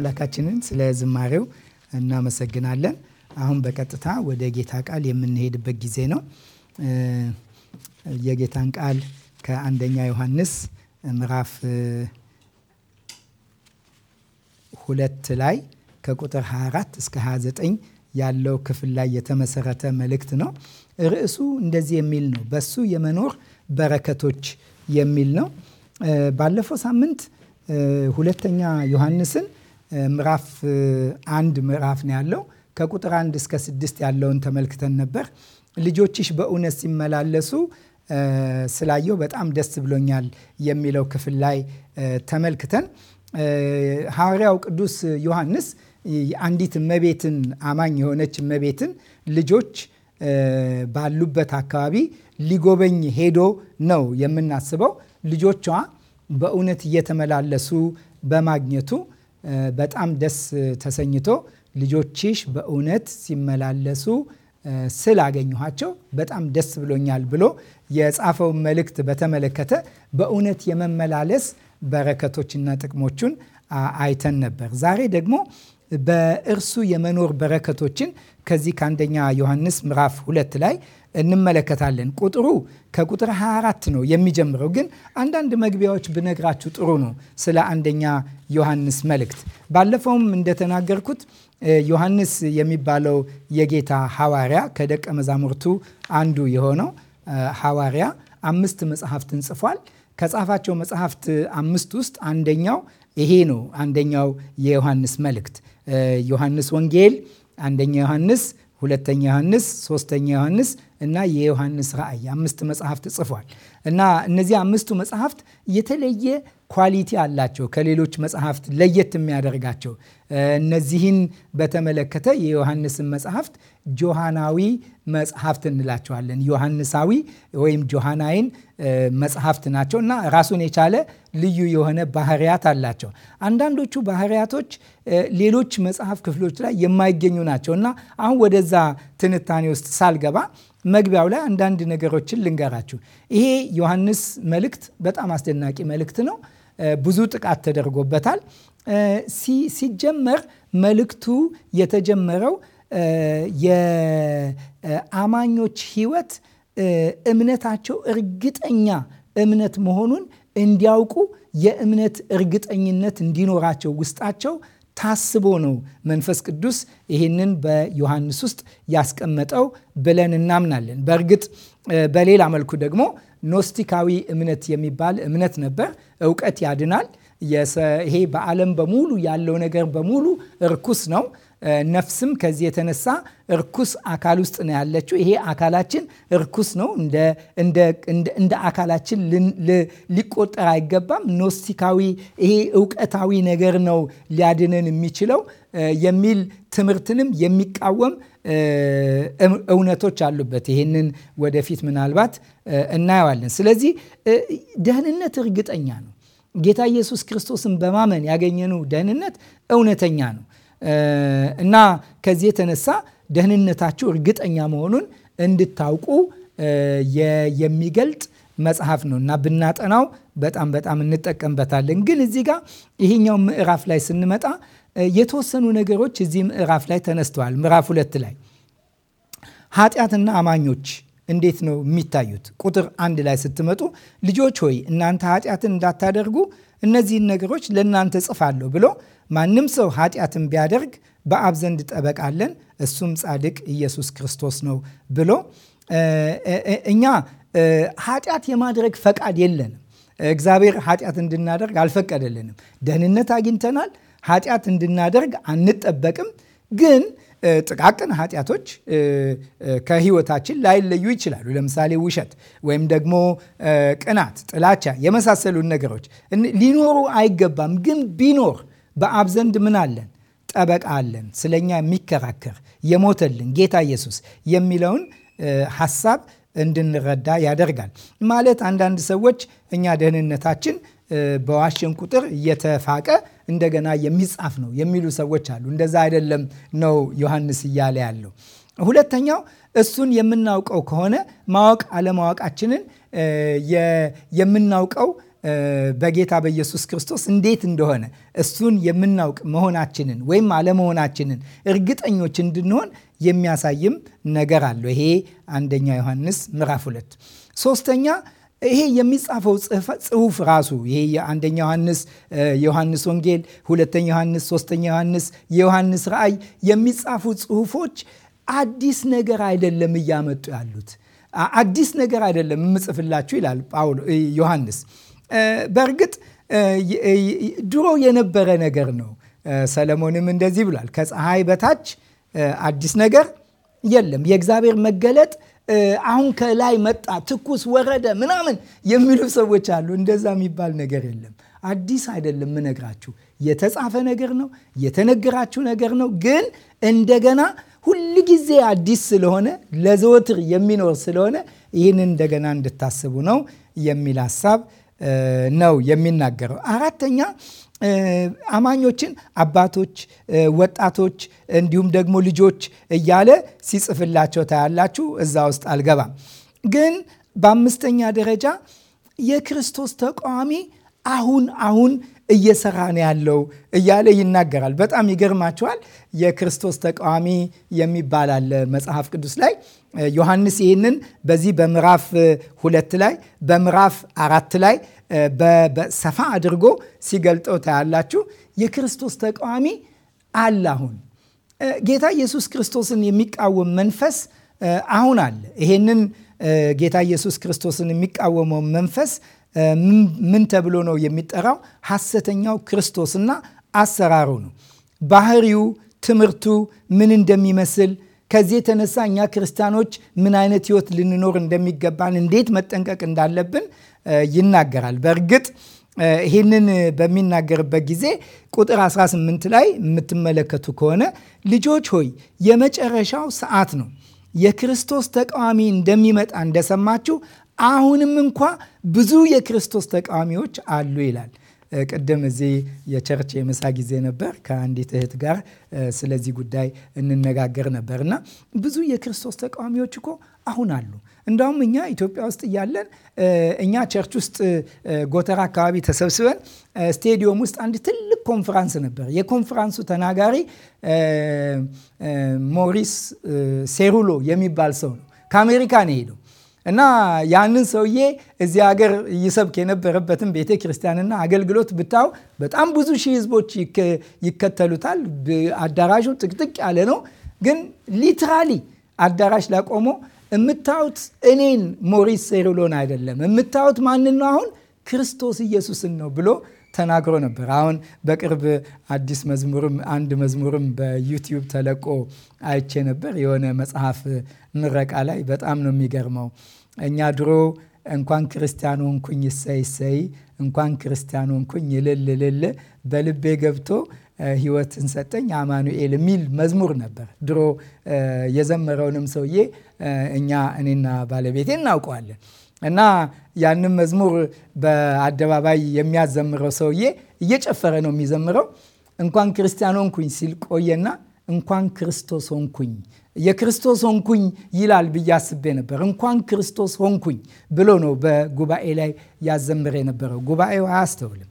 አምላካችንን ስለ ዝማሬው እናመሰግናለን። አሁን በቀጥታ ወደ ጌታ ቃል የምንሄድበት ጊዜ ነው። የጌታን ቃል ከአንደኛ ዮሐንስ ምዕራፍ ሁለት ላይ ከቁጥር 24 እስከ 29 ያለው ክፍል ላይ የተመሰረተ መልእክት ነው። ርዕሱ እንደዚህ የሚል ነው፣ በሱ የመኖር በረከቶች የሚል ነው። ባለፈው ሳምንት ሁለተኛ ዮሐንስን ምዕራፍ አንድ ምዕራፍ ነው ያለው ከቁጥር አንድ እስከ ስድስት ያለውን ተመልክተን ነበር። ልጆችሽ በእውነት ሲመላለሱ ስላየው በጣም ደስ ብሎኛል የሚለው ክፍል ላይ ተመልክተን ሐዋርያው ቅዱስ ዮሐንስ አንዲት እመቤትን አማኝ የሆነች እመቤትን ልጆች ባሉበት አካባቢ ሊጎበኝ ሄዶ ነው የምናስበው። ልጆቿ በእውነት እየተመላለሱ በማግኘቱ በጣም ደስ ተሰኝቶ ልጆችሽ በእውነት ሲመላለሱ ስላገኘኋቸው በጣም ደስ ብሎኛል ብሎ የጻፈውን መልእክት በተመለከተ በእውነት የመመላለስ በረከቶችና ጥቅሞቹን አይተን ነበር። ዛሬ ደግሞ በእርሱ የመኖር በረከቶችን ከዚህ ከአንደኛ ዮሐንስ ምዕራፍ ሁለት ላይ እንመለከታለን። ቁጥሩ ከቁጥር 24 ነው የሚጀምረው። ግን አንዳንድ መግቢያዎች ብነግራችሁ ጥሩ ነው ስለ አንደኛ ዮሐንስ መልእክት። ባለፈውም እንደተናገርኩት ዮሐንስ የሚባለው የጌታ ሐዋርያ ከደቀ መዛሙርቱ አንዱ የሆነው ሐዋርያ አምስት መጽሐፍትን ጽፏል። ከጻፋቸው መጽሐፍት አምስት ውስጥ አንደኛው ይሄ ነው። አንደኛው የዮሐንስ መልእክት ዮሐንስ ወንጌል፣ አንደኛ ዮሐንስ ሁለተኛ ዮሐንስ፣ ሶስተኛ ዮሐንስ እና የዮሐንስ ራእይ አምስት መጽሐፍት ጽፏል እና እነዚህ አምስቱ መጽሐፍት የተለየ ኳሊቲ አላቸው። ከሌሎች መጽሐፍት ለየት የሚያደርጋቸው እነዚህን በተመለከተ የዮሐንስን መጽሐፍት ጆሃናዊ መጽሐፍት እንላቸዋለን። ዮሐንሳዊ ወይም ጆሃናይን መጽሐፍት ናቸው እና ራሱን የቻለ ልዩ የሆነ ባህሪያት አላቸው። አንዳንዶቹ ባህሪያቶች ሌሎች መጽሐፍ ክፍሎች ላይ የማይገኙ ናቸው እና አሁን ወደዛ ትንታኔ ውስጥ ሳልገባ መግቢያው ላይ አንዳንድ ነገሮችን ልንገራችሁ። ይሄ ዮሐንስ መልእክት በጣም አስደናቂ መልእክት ነው። ብዙ ጥቃት ተደርጎበታል። ሲጀመር መልእክቱ የተጀመረው የአማኞች ህይወት እምነታቸው እርግጠኛ እምነት መሆኑን እንዲያውቁ የእምነት እርግጠኝነት እንዲኖራቸው ውስጣቸው ታስቦ ነው መንፈስ ቅዱስ ይህንን በዮሐንስ ውስጥ ያስቀመጠው ብለን እናምናለን። በእርግጥ በሌላ መልኩ ደግሞ ኖስቲካዊ እምነት የሚባል እምነት ነበር። እውቀት ያድናል፣ ይሄ በዓለም በሙሉ ያለው ነገር በሙሉ እርኩስ ነው ነፍስም ከዚህ የተነሳ እርኩስ አካል ውስጥ ነው ያለችው። ይሄ አካላችን እርኩስ ነው፣ እንደ አካላችን ሊቆጠር አይገባም። ኖስቲካዊ ይሄ እውቀታዊ ነገር ነው ሊያድነን የሚችለው የሚል ትምህርትንም የሚቃወም እውነቶች አሉበት። ይህንን ወደፊት ምናልባት እናየዋለን። ስለዚህ ደህንነት እርግጠኛ ነው። ጌታ ኢየሱስ ክርስቶስን በማመን ያገኘነው ደህንነት እውነተኛ ነው። እና ከዚህ የተነሳ ደህንነታችሁ እርግጠኛ መሆኑን እንድታውቁ የሚገልጥ መጽሐፍ ነው እና ብናጠናው በጣም በጣም እንጠቀምበታለን። ግን እዚህ ጋር ይሄኛው ምዕራፍ ላይ ስንመጣ የተወሰኑ ነገሮች እዚህ ምዕራፍ ላይ ተነስተዋል። ምዕራፍ ሁለት ላይ ኃጢአትና አማኞች እንዴት ነው የሚታዩት? ቁጥር አንድ ላይ ስትመጡ ልጆች ሆይ እናንተ ኃጢአትን እንዳታደርጉ እነዚህን ነገሮች ለእናንተ ጽፋለሁ ብሎ ማንም ሰው ኃጢአትን ቢያደርግ በአብ ዘንድ ጠበቃለን እሱም ጻድቅ ኢየሱስ ክርስቶስ ነው ብሎ እኛ ኃጢአት የማድረግ ፈቃድ የለንም። እግዚአብሔር ኃጢአት እንድናደርግ አልፈቀደልንም። ደህንነት አግኝተናል። ኃጢአት እንድናደርግ አንጠበቅም። ግን ጥቃቅን ኃጢአቶች ከህይወታችን ላይለዩ ይችላሉ። ለምሳሌ ውሸት ወይም ደግሞ ቅናት፣ ጥላቻ የመሳሰሉን ነገሮች ሊኖሩ አይገባም። ግን ቢኖር በአብ ዘንድ ምን አለን? ጠበቃ አለን፣ ስለኛ የሚከራከር የሞተልን ጌታ ኢየሱስ የሚለውን ሀሳብ እንድንረዳ ያደርጋል። ማለት አንዳንድ ሰዎች እኛ ደህንነታችን በዋሽን ቁጥር እየተፋቀ እንደገና የሚጻፍ ነው የሚሉ ሰዎች አሉ። እንደዛ አይደለም ነው ዮሐንስ እያለ ያለው። ሁለተኛው እሱን የምናውቀው ከሆነ ማወቅ አለማወቃችንን የምናውቀው በጌታ በኢየሱስ ክርስቶስ እንዴት እንደሆነ እሱን የምናውቅ መሆናችንን ወይም አለመሆናችንን እርግጠኞች እንድንሆን የሚያሳይም ነገር አለው። ይሄ አንደኛ ዮሐንስ ምዕራፍ ሁለት ሶስተኛ ይሄ የሚጻፈው ጽሁፍ ራሱ ይሄ የአንደኛ ዮሐንስ፣ ዮሐንስ ወንጌል፣ ሁለተኛ ዮሐንስ፣ ሶስተኛ ዮሐንስ፣ የዮሐንስ ራእይ የሚጻፉ ጽሁፎች አዲስ ነገር አይደለም እያመጡ ያሉት አዲስ ነገር አይደለም የምጽፍላችሁ ይላል ጳውሎ ዮሐንስ በእርግጥ ድሮ የነበረ ነገር ነው። ሰለሞንም እንደዚህ ብሏል፣ ከፀሐይ በታች አዲስ ነገር የለም። የእግዚአብሔር መገለጥ አሁን ከላይ መጣ፣ ትኩስ ወረደ፣ ምናምን የሚሉ ሰዎች አሉ። እንደዛ የሚባል ነገር የለም። አዲስ አይደለም ምነግራችሁ፣ የተጻፈ ነገር ነው፣ የተነገራችሁ ነገር ነው። ግን እንደገና ሁልጊዜ አዲስ ስለሆነ ለዘወትር የሚኖር ስለሆነ ይህንን እንደገና እንድታስቡ ነው የሚል ሀሳብ ነው የሚናገረው። አራተኛ አማኞችን አባቶች፣ ወጣቶች እንዲሁም ደግሞ ልጆች እያለ ሲጽፍላቸው ታያላችሁ። እዛ ውስጥ አልገባም። ግን በአምስተኛ ደረጃ የክርስቶስ ተቃዋሚ አሁን አሁን እየሰራ ነው ያለው እያለ ይናገራል። በጣም ይገርማቸዋል የክርስቶስ ተቃዋሚ የሚባል አለ መጽሐፍ ቅዱስ ላይ ዮሐንስ ይህንን በዚህ በምዕራፍ ሁለት ላይ በምዕራፍ አራት ላይ ሰፋ አድርጎ ሲገልጠው ታያላችሁ። የክርስቶስ ተቃዋሚ አለ። አሁን ጌታ ኢየሱስ ክርስቶስን የሚቃወም መንፈስ አሁን አለ። ይሄንን ጌታ ኢየሱስ ክርስቶስን የሚቃወመው መንፈስ ምን ተብሎ ነው የሚጠራው? ሐሰተኛው ክርስቶስና አሰራሩ ነው። ባህሪው፣ ትምህርቱ ምን እንደሚመስል ከዚህ የተነሳ እኛ ክርስቲያኖች ምን አይነት ህይወት ልንኖር እንደሚገባን፣ እንዴት መጠንቀቅ እንዳለብን ይናገራል። በእርግጥ ይህንን በሚናገርበት ጊዜ ቁጥር 18 ላይ የምትመለከቱ ከሆነ ልጆች ሆይ የመጨረሻው ሰዓት ነው፣ የክርስቶስ ተቃዋሚ እንደሚመጣ እንደሰማችሁ አሁንም እንኳ ብዙ የክርስቶስ ተቃዋሚዎች አሉ ይላል። ቅድም እዚህ የቸርች የምሳ ጊዜ ነበር ከአንዲት እህት ጋር ስለዚህ ጉዳይ እንነጋገር ነበር እና ብዙ የክርስቶስ ተቃዋሚዎች እኮ አሁን አሉ። እንዳውም እኛ ኢትዮጵያ ውስጥ እያለን እኛ ቸርች ውስጥ ጎተራ አካባቢ ተሰብስበን ስቴዲየም ውስጥ አንድ ትልቅ ኮንፈራንስ ነበር። የኮንፈራንሱ ተናጋሪ ሞሪስ ሴሩሎ የሚባል ሰው ነው። ከአሜሪካ ነው የሄደው እና ያንን ሰውዬ እዚህ ሀገር ይሰብክ የነበረበትን ቤተ ክርስቲያንና አገልግሎት ብታው በጣም ብዙ ሺህ ህዝቦች ይከተሉታል። አዳራሹ ጥቅጥቅ ያለ ነው። ግን ሊትራሊ አዳራሽ ላቆሞ የምታዩት እኔን ሞሪስ ሴሩሎን አይደለም የምታዩት ማንን ነው? አሁን ክርስቶስ ኢየሱስን ነው ብሎ ተናግሮ ነበር። አሁን በቅርብ አዲስ መዝሙርም አንድ መዝሙርም በዩቲዩብ ተለቆ አይቼ ነበር። የሆነ መጽሐፍ ምረቃ ላይ በጣም ነው የሚገርመው። እኛ ድሮ እንኳን ክርስቲያን ሆንኩኝ እሰይ እሰይ፣ እንኳን ክርስቲያን ሆንኩኝ እልል እልል፣ በልቤ ገብቶ ሕይወትን ሰጠኝ አማኑኤል የሚል መዝሙር ነበር። ድሮ የዘመረውንም ሰውዬ እኛ እኔና ባለቤቴ እናውቀዋለን። እና ያንን መዝሙር በአደባባይ የሚያዘምረው ሰውዬ እየጨፈረ ነው የሚዘምረው። እንኳን ክርስቲያን ሆንኩኝ ሲል ቆየና እንኳን ክርስቶስ ሆንኩኝ የክርስቶስ ሆንኩኝ ይላል ብዬ አስቤ ነበር። እንኳን ክርስቶስ ሆንኩኝ ብሎ ነው በጉባኤ ላይ ያዘምር የነበረው። ጉባኤው አያስተውልም።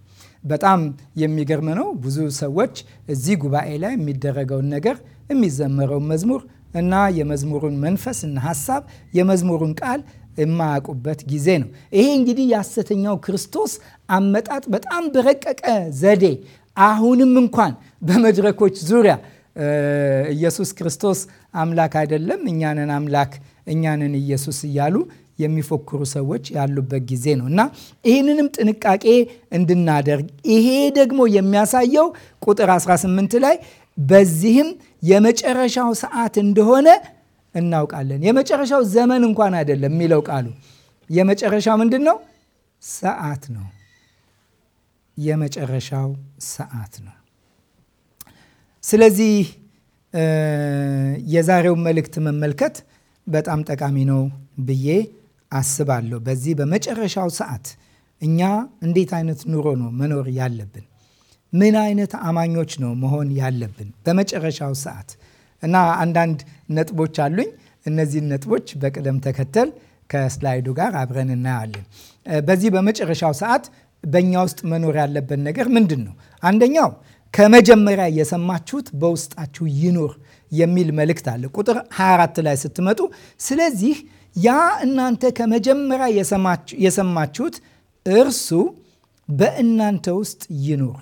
በጣም የሚገርም ነው። ብዙ ሰዎች እዚህ ጉባኤ ላይ የሚደረገውን ነገር፣ የሚዘመረውን መዝሙር እና የመዝሙሩን መንፈስ እና ሀሳብ የመዝሙሩን ቃል የማያውቁበት ጊዜ ነው። ይሄ እንግዲህ የሐሰተኛው ክርስቶስ አመጣጥ በጣም በረቀቀ ዘዴ አሁንም እንኳን በመድረኮች ዙሪያ ኢየሱስ ክርስቶስ አምላክ አይደለም፣ እኛንን አምላክ እኛንን ኢየሱስ እያሉ የሚፎክሩ ሰዎች ያሉበት ጊዜ ነው እና ይህንንም ጥንቃቄ እንድናደርግ ይሄ ደግሞ የሚያሳየው ቁጥር 18 ላይ በዚህም የመጨረሻው ሰዓት እንደሆነ እናውቃለን። የመጨረሻው ዘመን እንኳን አይደለም የሚለው ቃሉ። የመጨረሻው ምንድን ነው? ሰዓት ነው። የመጨረሻው ሰዓት ነው። ስለዚህ የዛሬውን መልእክት መመልከት በጣም ጠቃሚ ነው ብዬ አስባለሁ። በዚህ በመጨረሻው ሰዓት እኛ እንዴት አይነት ኑሮ ነው መኖር ያለብን? ምን አይነት አማኞች ነው መሆን ያለብን በመጨረሻው ሰዓት እና አንዳንድ ነጥቦች አሉኝ። እነዚህን ነጥቦች በቅደም ተከተል ከስላይዱ ጋር አብረን እናያለን። በዚህ በመጨረሻው ሰዓት በእኛ ውስጥ መኖር ያለበት ነገር ምንድን ነው? አንደኛው ከመጀመሪያ የሰማችሁት በውስጣችሁ ይኖር የሚል መልእክት አለ። ቁጥር 24 ላይ ስትመጡ፣ ስለዚህ ያ እናንተ ከመጀመሪያ የሰማችሁት እርሱ በእናንተ ውስጥ ይኖር።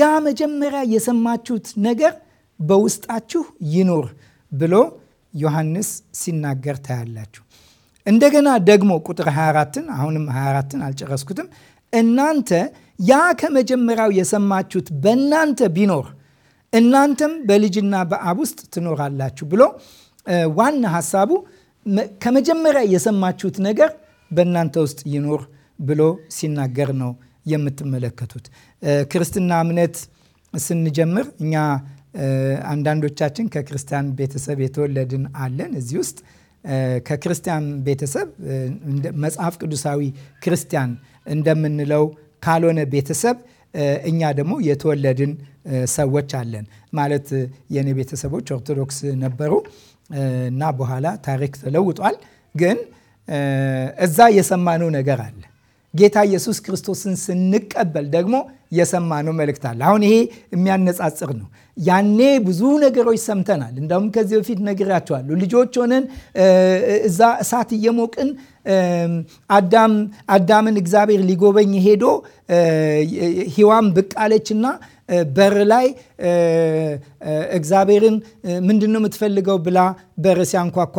ያ መጀመሪያ የሰማችሁት ነገር በውስጣችሁ ይኑር ብሎ ዮሐንስ ሲናገር ታያላችሁ። እንደገና ደግሞ ቁጥር 24ን አሁንም 24ን አልጨረስኩትም። እናንተ ያ ከመጀመሪያው የሰማችሁት በእናንተ ቢኖር እናንተም በልጅና በአብ ውስጥ ትኖራላችሁ ብሎ ዋና ሀሳቡ ከመጀመሪያ የሰማችሁት ነገር በእናንተ ውስጥ ይኖር ብሎ ሲናገር ነው የምትመለከቱት። ክርስትና እምነት ስንጀምር እኛ አንዳንዶቻችን ከክርስቲያን ቤተሰብ የተወለድን አለን። እዚህ ውስጥ ከክርስቲያን ቤተሰብ መጽሐፍ ቅዱሳዊ ክርስቲያን እንደምንለው ካልሆነ ቤተሰብ እኛ ደግሞ የተወለድን ሰዎች አለን። ማለት የኔ ቤተሰቦች ኦርቶዶክስ ነበሩ እና በኋላ ታሪክ ተለውጧል። ግን እዛ የሰማነው ነገር አለ ጌታ ኢየሱስ ክርስቶስን ስንቀበል ደግሞ የሰማነው መልእክት አለ። አሁን ይሄ የሚያነጻጽር ነው። ያኔ ብዙ ነገሮች ሰምተናል። እንዳውም ከዚህ በፊት ነግሬያቸዋለሁ። ልጆች ሆነን እዛ እሳት እየሞቅን አዳምን እግዚአብሔር ሊጎበኝ ሄዶ ሔዋን ብቅ አለችና በር ላይ እግዚአብሔርን ምንድን ነው የምትፈልገው ብላ በር ሲያንኳኳ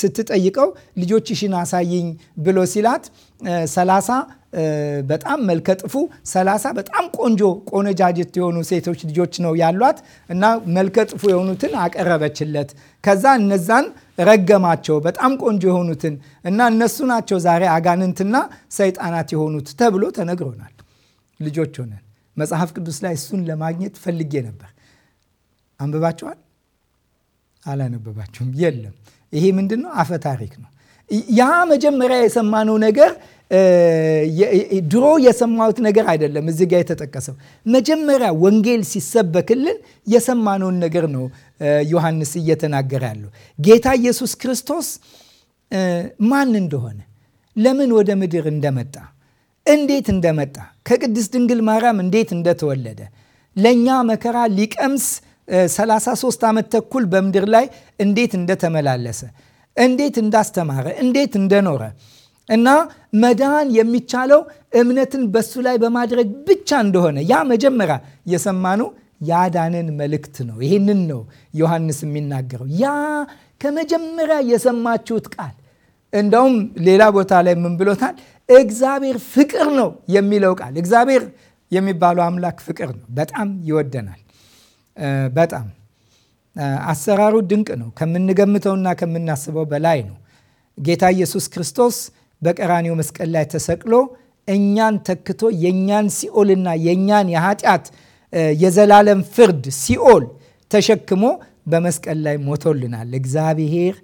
ስትጠይቀው ልጆችሽን አሳይኝ ብሎ ሲላት ሰላሳ በጣም መልከጥፉ ሰላሳ በጣም ቆንጆ ቆነጃጀት የሆኑ ሴቶች ልጆች ነው ያሏት እና መልከጥፉ የሆኑትን አቀረበችለት። ከዛ እነዛን ረገማቸው በጣም ቆንጆ የሆኑትን እና እነሱ ናቸው ዛሬ አጋንንትና ሰይጣናት የሆኑት ተብሎ ተነግሮናል። ልጆች ሆነን መጽሐፍ ቅዱስ ላይ እሱን ለማግኘት ፈልጌ ነበር። አንብባችኋል? አላነበባችሁም? የለም። ይሄ ምንድን ነው? አፈ ታሪክ ነው። ያ መጀመሪያ የሰማነው ነገር ድሮ የሰማሁት ነገር አይደለም። እዚህ ጋር የተጠቀሰው መጀመሪያ ወንጌል ሲሰበክልን የሰማነውን ነገር ነው ዮሐንስ እየተናገረ ያለው ጌታ ኢየሱስ ክርስቶስ ማን እንደሆነ፣ ለምን ወደ ምድር እንደመጣ እንዴት እንደመጣ ከቅድስት ድንግል ማርያም እንዴት እንደተወለደ ለእኛ መከራ ሊቀምስ 33 ዓመት ተኩል በምድር ላይ እንዴት እንደተመላለሰ እንዴት እንዳስተማረ እንዴት እንደኖረ እና መዳን የሚቻለው እምነትን በሱ ላይ በማድረግ ብቻ እንደሆነ ያ መጀመሪያ የሰማነው ያዳንን መልእክት ነው። ይህንን ነው ዮሐንስ የሚናገረው። ያ ከመጀመሪያ የሰማችሁት ቃል እንደውም ሌላ ቦታ ላይ ምን ብሎታል? እግዚአብሔር ፍቅር ነው የሚለው ቃል እግዚአብሔር የሚባለው አምላክ ፍቅር ነው። በጣም ይወደናል። በጣም አሰራሩ ድንቅ ነው። ከምንገምተውና ከምናስበው በላይ ነው። ጌታ ኢየሱስ ክርስቶስ በቀራኒው መስቀል ላይ ተሰቅሎ እኛን ተክቶ የእኛን ሲኦልና የእኛን የኃጢአት የዘላለም ፍርድ ሲኦል ተሸክሞ በመስቀል ላይ ሞቶልናል። እግዚአብሔር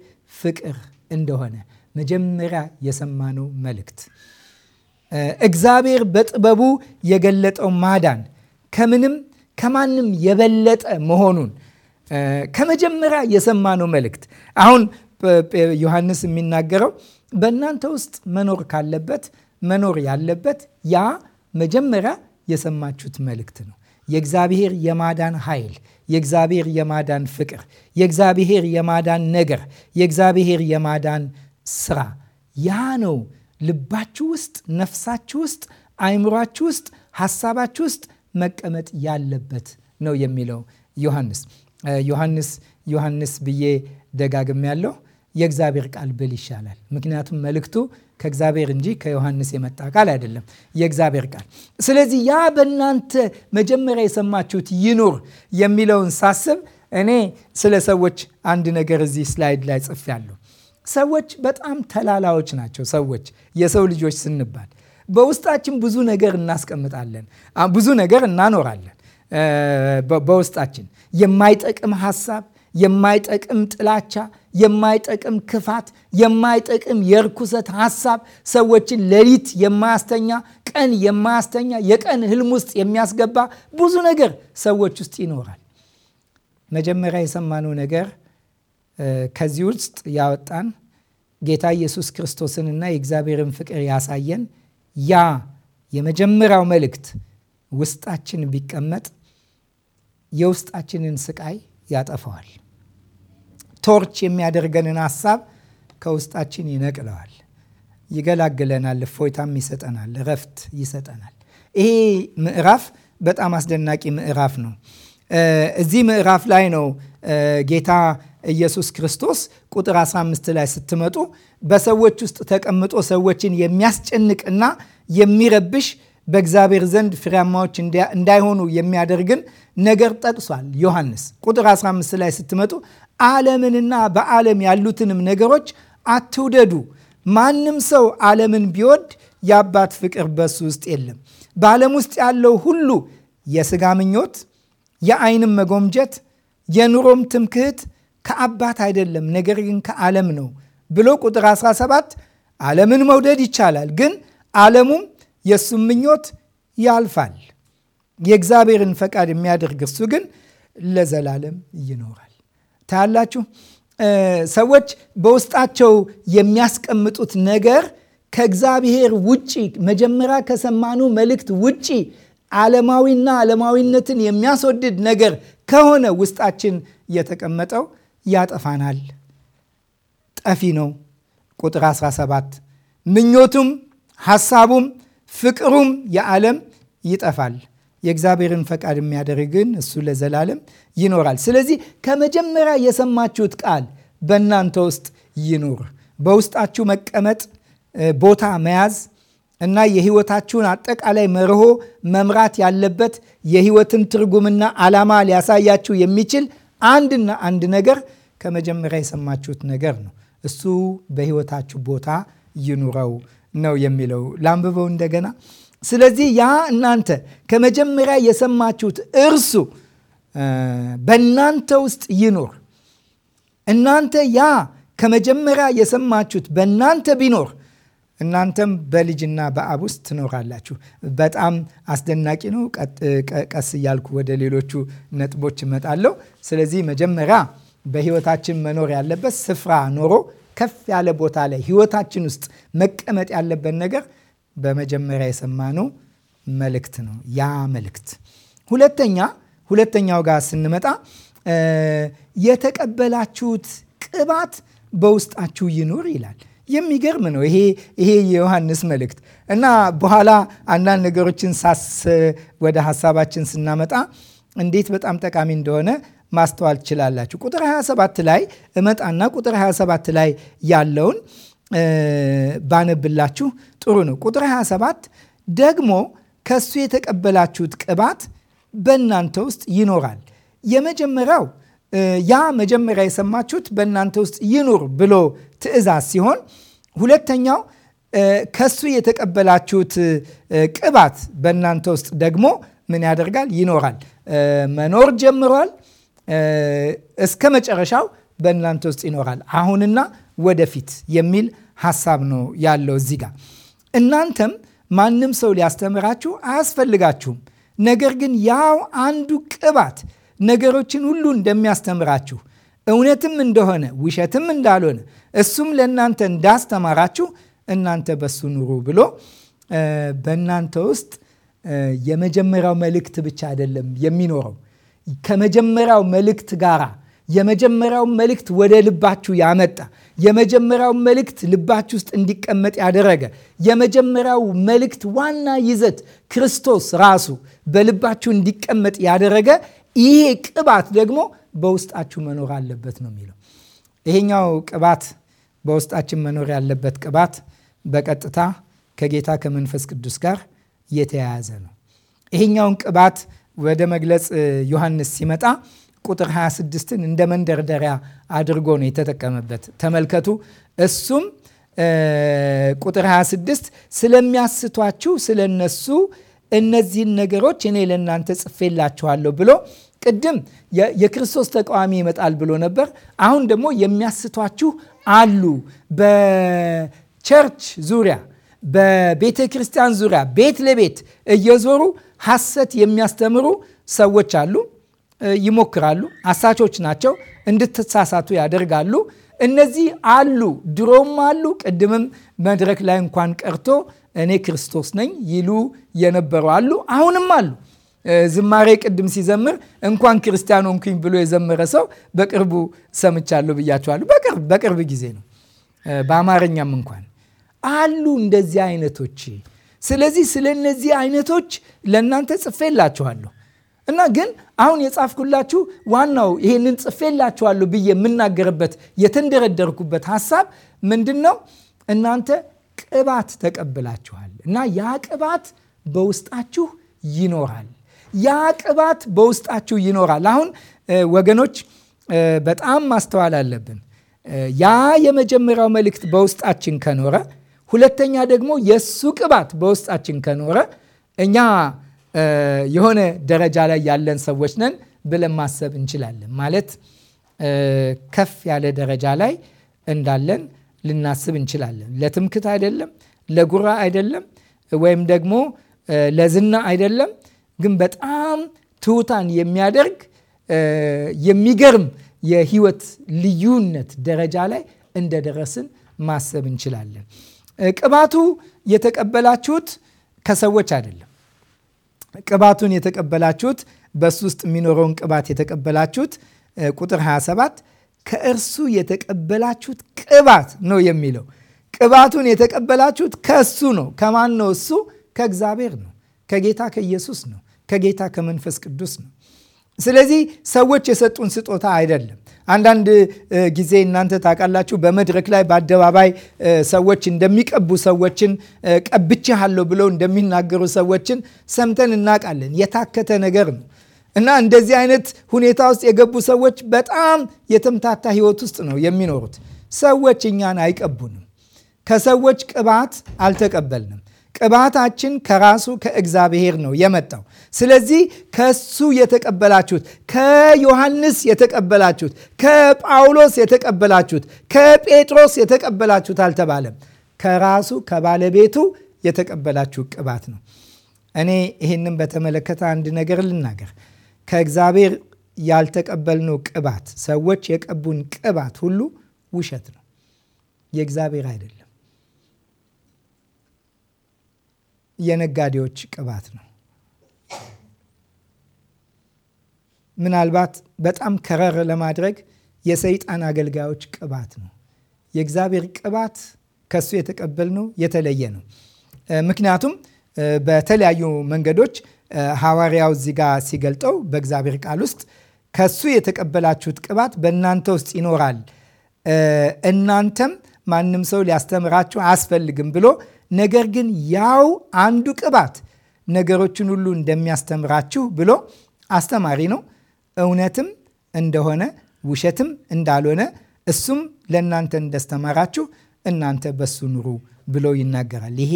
ፍቅር እንደሆነ መጀመሪያ የሰማነው መልእክት እግዚአብሔር በጥበቡ የገለጠው ማዳን ከምንም ከማንም የበለጠ መሆኑን ከመጀመሪያ የሰማነው መልእክት አሁን ዮሐንስ የሚናገረው በእናንተ ውስጥ መኖር ካለበት መኖር ያለበት ያ መጀመሪያ የሰማችሁት መልእክት ነው። የእግዚአብሔር የማዳን ኃይል፣ የእግዚአብሔር የማዳን ፍቅር፣ የእግዚአብሔር የማዳን ነገር፣ የእግዚአብሔር የማዳን ስራ ያ ነው ልባችሁ ውስጥ፣ ነፍሳችሁ ውስጥ፣ አይምሯችሁ ውስጥ፣ ሀሳባችሁ ውስጥ መቀመጥ ያለበት ነው የሚለው ዮሐንስ ዮሐንስ ዮሐንስ ብዬ ደጋግም ያለው የእግዚአብሔር ቃል ብል ይሻላል። ምክንያቱም መልእክቱ ከእግዚአብሔር እንጂ ከዮሐንስ የመጣ ቃል አይደለም፣ የእግዚአብሔር ቃል። ስለዚህ ያ በእናንተ መጀመሪያ የሰማችሁት ይኑር የሚለውን ሳስብ እኔ ስለ ሰዎች አንድ ነገር እዚህ ስላይድ ላይ ጽፌያለሁ። ሰዎች በጣም ተላላዎች ናቸው። ሰዎች የሰው ልጆች ስንባል በውስጣችን ብዙ ነገር እናስቀምጣለን፣ ብዙ ነገር እናኖራለን። በውስጣችን የማይጠቅም ሀሳብ፣ የማይጠቅም ጥላቻ፣ የማይጠቅም ክፋት፣ የማይጠቅም የርኩሰት ሀሳብ ሰዎችን ሌሊት የማያስተኛ ቀን የማያስተኛ የቀን ህልም ውስጥ የሚያስገባ ብዙ ነገር ሰዎች ውስጥ ይኖራል። መጀመሪያ የሰማነው ነገር ከዚህ ውስጥ ያወጣን ጌታ ኢየሱስ ክርስቶስንና የእግዚአብሔርን ፍቅር ያሳየን ያ የመጀመሪያው መልእክት ውስጣችን ቢቀመጥ የውስጣችንን ስቃይ ያጠፈዋል። ቶርች የሚያደርገንን ሀሳብ ከውስጣችን ይነቅለዋል፣ ይገላግለናል፣ እፎይታም ይሰጠናል፣ እረፍት ይሰጠናል። ይሄ ምዕራፍ በጣም አስደናቂ ምዕራፍ ነው። እዚህ ምዕራፍ ላይ ነው ጌታ ኢየሱስ ክርስቶስ ቁጥር 15 ላይ ስትመጡ በሰዎች ውስጥ ተቀምጦ ሰዎችን የሚያስጨንቅና የሚረብሽ በእግዚአብሔር ዘንድ ፍሬያማዎች እንዳይሆኑ የሚያደርግን ነገር ጠቅሷል። ዮሐንስ ቁጥር 15 ላይ ስትመጡ ዓለምንና በዓለም ያሉትንም ነገሮች አትውደዱ። ማንም ሰው ዓለምን ቢወድ የአባት ፍቅር በሱ ውስጥ የለም። በዓለም ውስጥ ያለው ሁሉ የስጋ ምኞት፣ የአይንም መጎምጀት፣ የኑሮም ትምክህት ከአባት አይደለም፣ ነገር ግን ከዓለም ነው ብሎ ቁጥር 17 ዓለምን መውደድ ይቻላል፣ ግን ዓለሙም የእሱም ምኞት ያልፋል። የእግዚአብሔርን ፈቃድ የሚያደርግ እሱ ግን ለዘላለም ይኖራል። ታያላችሁ። ሰዎች በውስጣቸው የሚያስቀምጡት ነገር ከእግዚአብሔር ውጪ መጀመሪያ ከሰማኑ መልእክት ውጪ ዓለማዊና ዓለማዊነትን የሚያስወድድ ነገር ከሆነ ውስጣችን የተቀመጠው ያጠፋናል። ጠፊ ነው። ቁጥር 17 ምኞቱም ሐሳቡም ፍቅሩም የዓለም ይጠፋል። የእግዚአብሔርን ፈቃድ የሚያደርግ ግን እሱ ለዘላለም ይኖራል። ስለዚህ ከመጀመሪያ የሰማችሁት ቃል በእናንተ ውስጥ ይኑር። በውስጣችሁ መቀመጥ፣ ቦታ መያዝ እና የህይወታችሁን አጠቃላይ መርሆ መምራት ያለበት የህይወትን ትርጉምና ዓላማ ሊያሳያችሁ የሚችል አንድና አንድ ነገር ከመጀመሪያ የሰማችሁት ነገር ነው። እሱ በህይወታችሁ ቦታ ይኑረው ነው የሚለው። ላንብበው እንደገና። ስለዚህ ያ እናንተ ከመጀመሪያ የሰማችሁት እርሱ በእናንተ ውስጥ ይኖር እናንተ ያ ከመጀመሪያ የሰማችሁት በእናንተ ቢኖር እናንተም በልጅና በአብ ውስጥ ትኖራላችሁ። በጣም አስደናቂ ነው። ቀስ እያልኩ ወደ ሌሎቹ ነጥቦች እመጣለሁ። ስለዚህ መጀመሪያ በህይወታችን መኖር ያለበት ስፍራ ኖሮ ከፍ ያለ ቦታ ላይ ህይወታችን ውስጥ መቀመጥ ያለበት ነገር በመጀመሪያ የሰማነው መልእክት ነው። ያ መልእክት ሁለተኛ ሁለተኛው ጋር ስንመጣ የተቀበላችሁት ቅባት በውስጣችሁ ይኑር ይላል። የሚገርም ነው ይሄ ይሄ የዮሐንስ መልእክት እና በኋላ አንዳንድ ነገሮችን ሳስ ወደ ሀሳባችን ስናመጣ እንዴት በጣም ጠቃሚ እንደሆነ ማስተዋል ትችላላችሁ። ቁጥር 27 ላይ እመጣና ቁጥር 27 ላይ ያለውን ባነብላችሁ ጥሩ ነው። ቁጥር 27 ደግሞ ከሱ የተቀበላችሁት ቅባት በእናንተ ውስጥ ይኖራል። የመጀመሪያው ያ መጀመሪያ የሰማችሁት በእናንተ ውስጥ ይኑር ብሎ ትእዛዝ ሲሆን፣ ሁለተኛው ከሱ የተቀበላችሁት ቅባት በእናንተ ውስጥ ደግሞ ምን ያደርጋል? ይኖራል። መኖር ጀምሯል። እስከ መጨረሻው በእናንተ ውስጥ ይኖራል አሁንና ወደፊት የሚል ሀሳብ ነው ያለው እዚህ ጋር። እናንተም ማንም ሰው ሊያስተምራችሁ አያስፈልጋችሁም። ነገር ግን ያው አንዱ ቅባት ነገሮችን ሁሉ እንደሚያስተምራችሁ እውነትም እንደሆነ ውሸትም እንዳልሆነ እሱም ለእናንተ እንዳስተማራችሁ እናንተ በሱ ኑሩ ብሎ በእናንተ ውስጥ የመጀመሪያው መልእክት ብቻ አይደለም የሚኖረው ከመጀመሪያው መልእክት ጋራ የመጀመሪያው መልእክት ወደ ልባችሁ ያመጣ የመጀመሪያው መልእክት ልባችሁ ውስጥ እንዲቀመጥ ያደረገ የመጀመሪያው መልእክት ዋና ይዘት ክርስቶስ ራሱ በልባችሁ እንዲቀመጥ ያደረገ ይሄ ቅባት ደግሞ በውስጣችሁ መኖር አለበት ነው የሚለው። ይሄኛው ቅባት በውስጣችን መኖር ያለበት ቅባት በቀጥታ ከጌታ ከመንፈስ ቅዱስ ጋር የተያያዘ ነው። ይሄኛውን ቅባት ወደ መግለጽ ዮሐንስ ሲመጣ ቁጥር 26ን እንደ መንደርደሪያ አድርጎ ነው የተጠቀመበት። ተመልከቱ። እሱም ቁጥር 26 ስለሚያስቷችሁ ስለ እነሱ እነዚህን ነገሮች እኔ ለእናንተ ጽፌላችኋለሁ ብሎ ቅድም የክርስቶስ ተቃዋሚ ይመጣል ብሎ ነበር። አሁን ደግሞ የሚያስቷችሁ አሉ በቸርች ዙሪያ በቤተ ክርስቲያን ዙሪያ ቤት ለቤት እየዞሩ ሐሰት የሚያስተምሩ ሰዎች አሉ፣ ይሞክራሉ፣ አሳቾች ናቸው፣ እንድትሳሳቱ ያደርጋሉ። እነዚህ አሉ፣ ድሮም አሉ። ቅድምም መድረክ ላይ እንኳን ቀርቶ እኔ ክርስቶስ ነኝ ይሉ የነበሩ አሉ፣ አሁንም አሉ። ዝማሬ ቅድም ሲዘምር እንኳን ክርስቲያን ሆንኩኝ ብሎ የዘመረ ሰው በቅርቡ ሰምቻለሁ ብያቸዋለሁ። በቅርብ በቅርብ ጊዜ ነው። በአማርኛም እንኳን አሉ እንደዚህ አይነቶች ስለዚህ ስለ እነዚህ አይነቶች ለእናንተ ጽፌላችኋለሁ እና ግን አሁን የጻፍኩላችሁ ዋናው ይሄንን ጽፌላችኋለሁ ብዬ የምናገርበት የተንደረደርኩበት ሀሳብ ምንድን ነው? እናንተ ቅባት ተቀብላችኋል እና ያ ቅባት በውስጣችሁ ይኖራል። ያ ቅባት በውስጣችሁ ይኖራል። አሁን ወገኖች በጣም ማስተዋል አለብን። ያ የመጀመሪያው መልእክት በውስጣችን ከኖረ ሁለተኛ ደግሞ የእሱ ቅባት በውስጣችን ከኖረ እኛ የሆነ ደረጃ ላይ ያለን ሰዎች ነን ብለን ማሰብ እንችላለን። ማለት ከፍ ያለ ደረጃ ላይ እንዳለን ልናስብ እንችላለን። ለትምክት አይደለም፣ ለጉራ አይደለም፣ ወይም ደግሞ ለዝና አይደለም። ግን በጣም ትሑታን የሚያደርግ የሚገርም የህይወት ልዩነት ደረጃ ላይ እንደደረስን ማሰብ እንችላለን። ቅባቱ የተቀበላችሁት ከሰዎች አይደለም። ቅባቱን የተቀበላችሁት በሱ ውስጥ የሚኖረውን ቅባት የተቀበላችሁት ቁጥር 27 ከእርሱ የተቀበላችሁት ቅባት ነው የሚለው። ቅባቱን የተቀበላችሁት ከእሱ ነው። ከማን ነው እሱ? ከእግዚአብሔር ነው። ከጌታ ከኢየሱስ ነው። ከጌታ ከመንፈስ ቅዱስ ነው። ስለዚህ ሰዎች የሰጡን ስጦታ አይደለም። አንዳንድ ጊዜ እናንተ ታውቃላችሁ፣ በመድረክ ላይ በአደባባይ ሰዎች እንደሚቀቡ ሰዎችን ቀብቼሃለሁ ብለው እንደሚናገሩ ሰዎችን ሰምተን እናውቃለን። የታከተ ነገር ነው እና እንደዚህ አይነት ሁኔታ ውስጥ የገቡ ሰዎች በጣም የተምታታ ህይወት ውስጥ ነው የሚኖሩት። ሰዎች እኛን አይቀቡንም። ከሰዎች ቅባት አልተቀበልንም። ቅባታችን ከራሱ ከእግዚአብሔር ነው የመጣው። ስለዚህ ከሱ የተቀበላችሁት፣ ከዮሐንስ የተቀበላችሁት፣ ከጳውሎስ የተቀበላችሁት፣ ከጴጥሮስ የተቀበላችሁት አልተባለም። ከራሱ ከባለቤቱ የተቀበላችሁ ቅባት ነው። እኔ ይህንም በተመለከተ አንድ ነገር ልናገር። ከእግዚአብሔር ያልተቀበልነው ቅባት፣ ሰዎች የቀቡን ቅባት ሁሉ ውሸት ነው፣ የእግዚአብሔር አይደለም። የነጋዴዎች ቅባት ነው። ምናልባት በጣም ከረር ለማድረግ የሰይጣን አገልጋዮች ቅባት ነው። የእግዚአብሔር ቅባት ከሱ የተቀበልነው የተለየ ነው። ምክንያቱም በተለያዩ መንገዶች ሐዋርያው እዚህ ጋር ሲገልጠው በእግዚአብሔር ቃል ውስጥ ከሱ የተቀበላችሁት ቅባት በእናንተ ውስጥ ይኖራል፣ እናንተም ማንም ሰው ሊያስተምራችሁ አያስፈልግም ብሎ ነገር ግን ያው አንዱ ቅባት ነገሮችን ሁሉ እንደሚያስተምራችሁ ብሎ አስተማሪ ነው። እውነትም እንደሆነ ውሸትም እንዳልሆነ እሱም ለእናንተ እንዳስተማራችሁ እናንተ በሱ ኑሩ ብሎ ይናገራል። ይሄ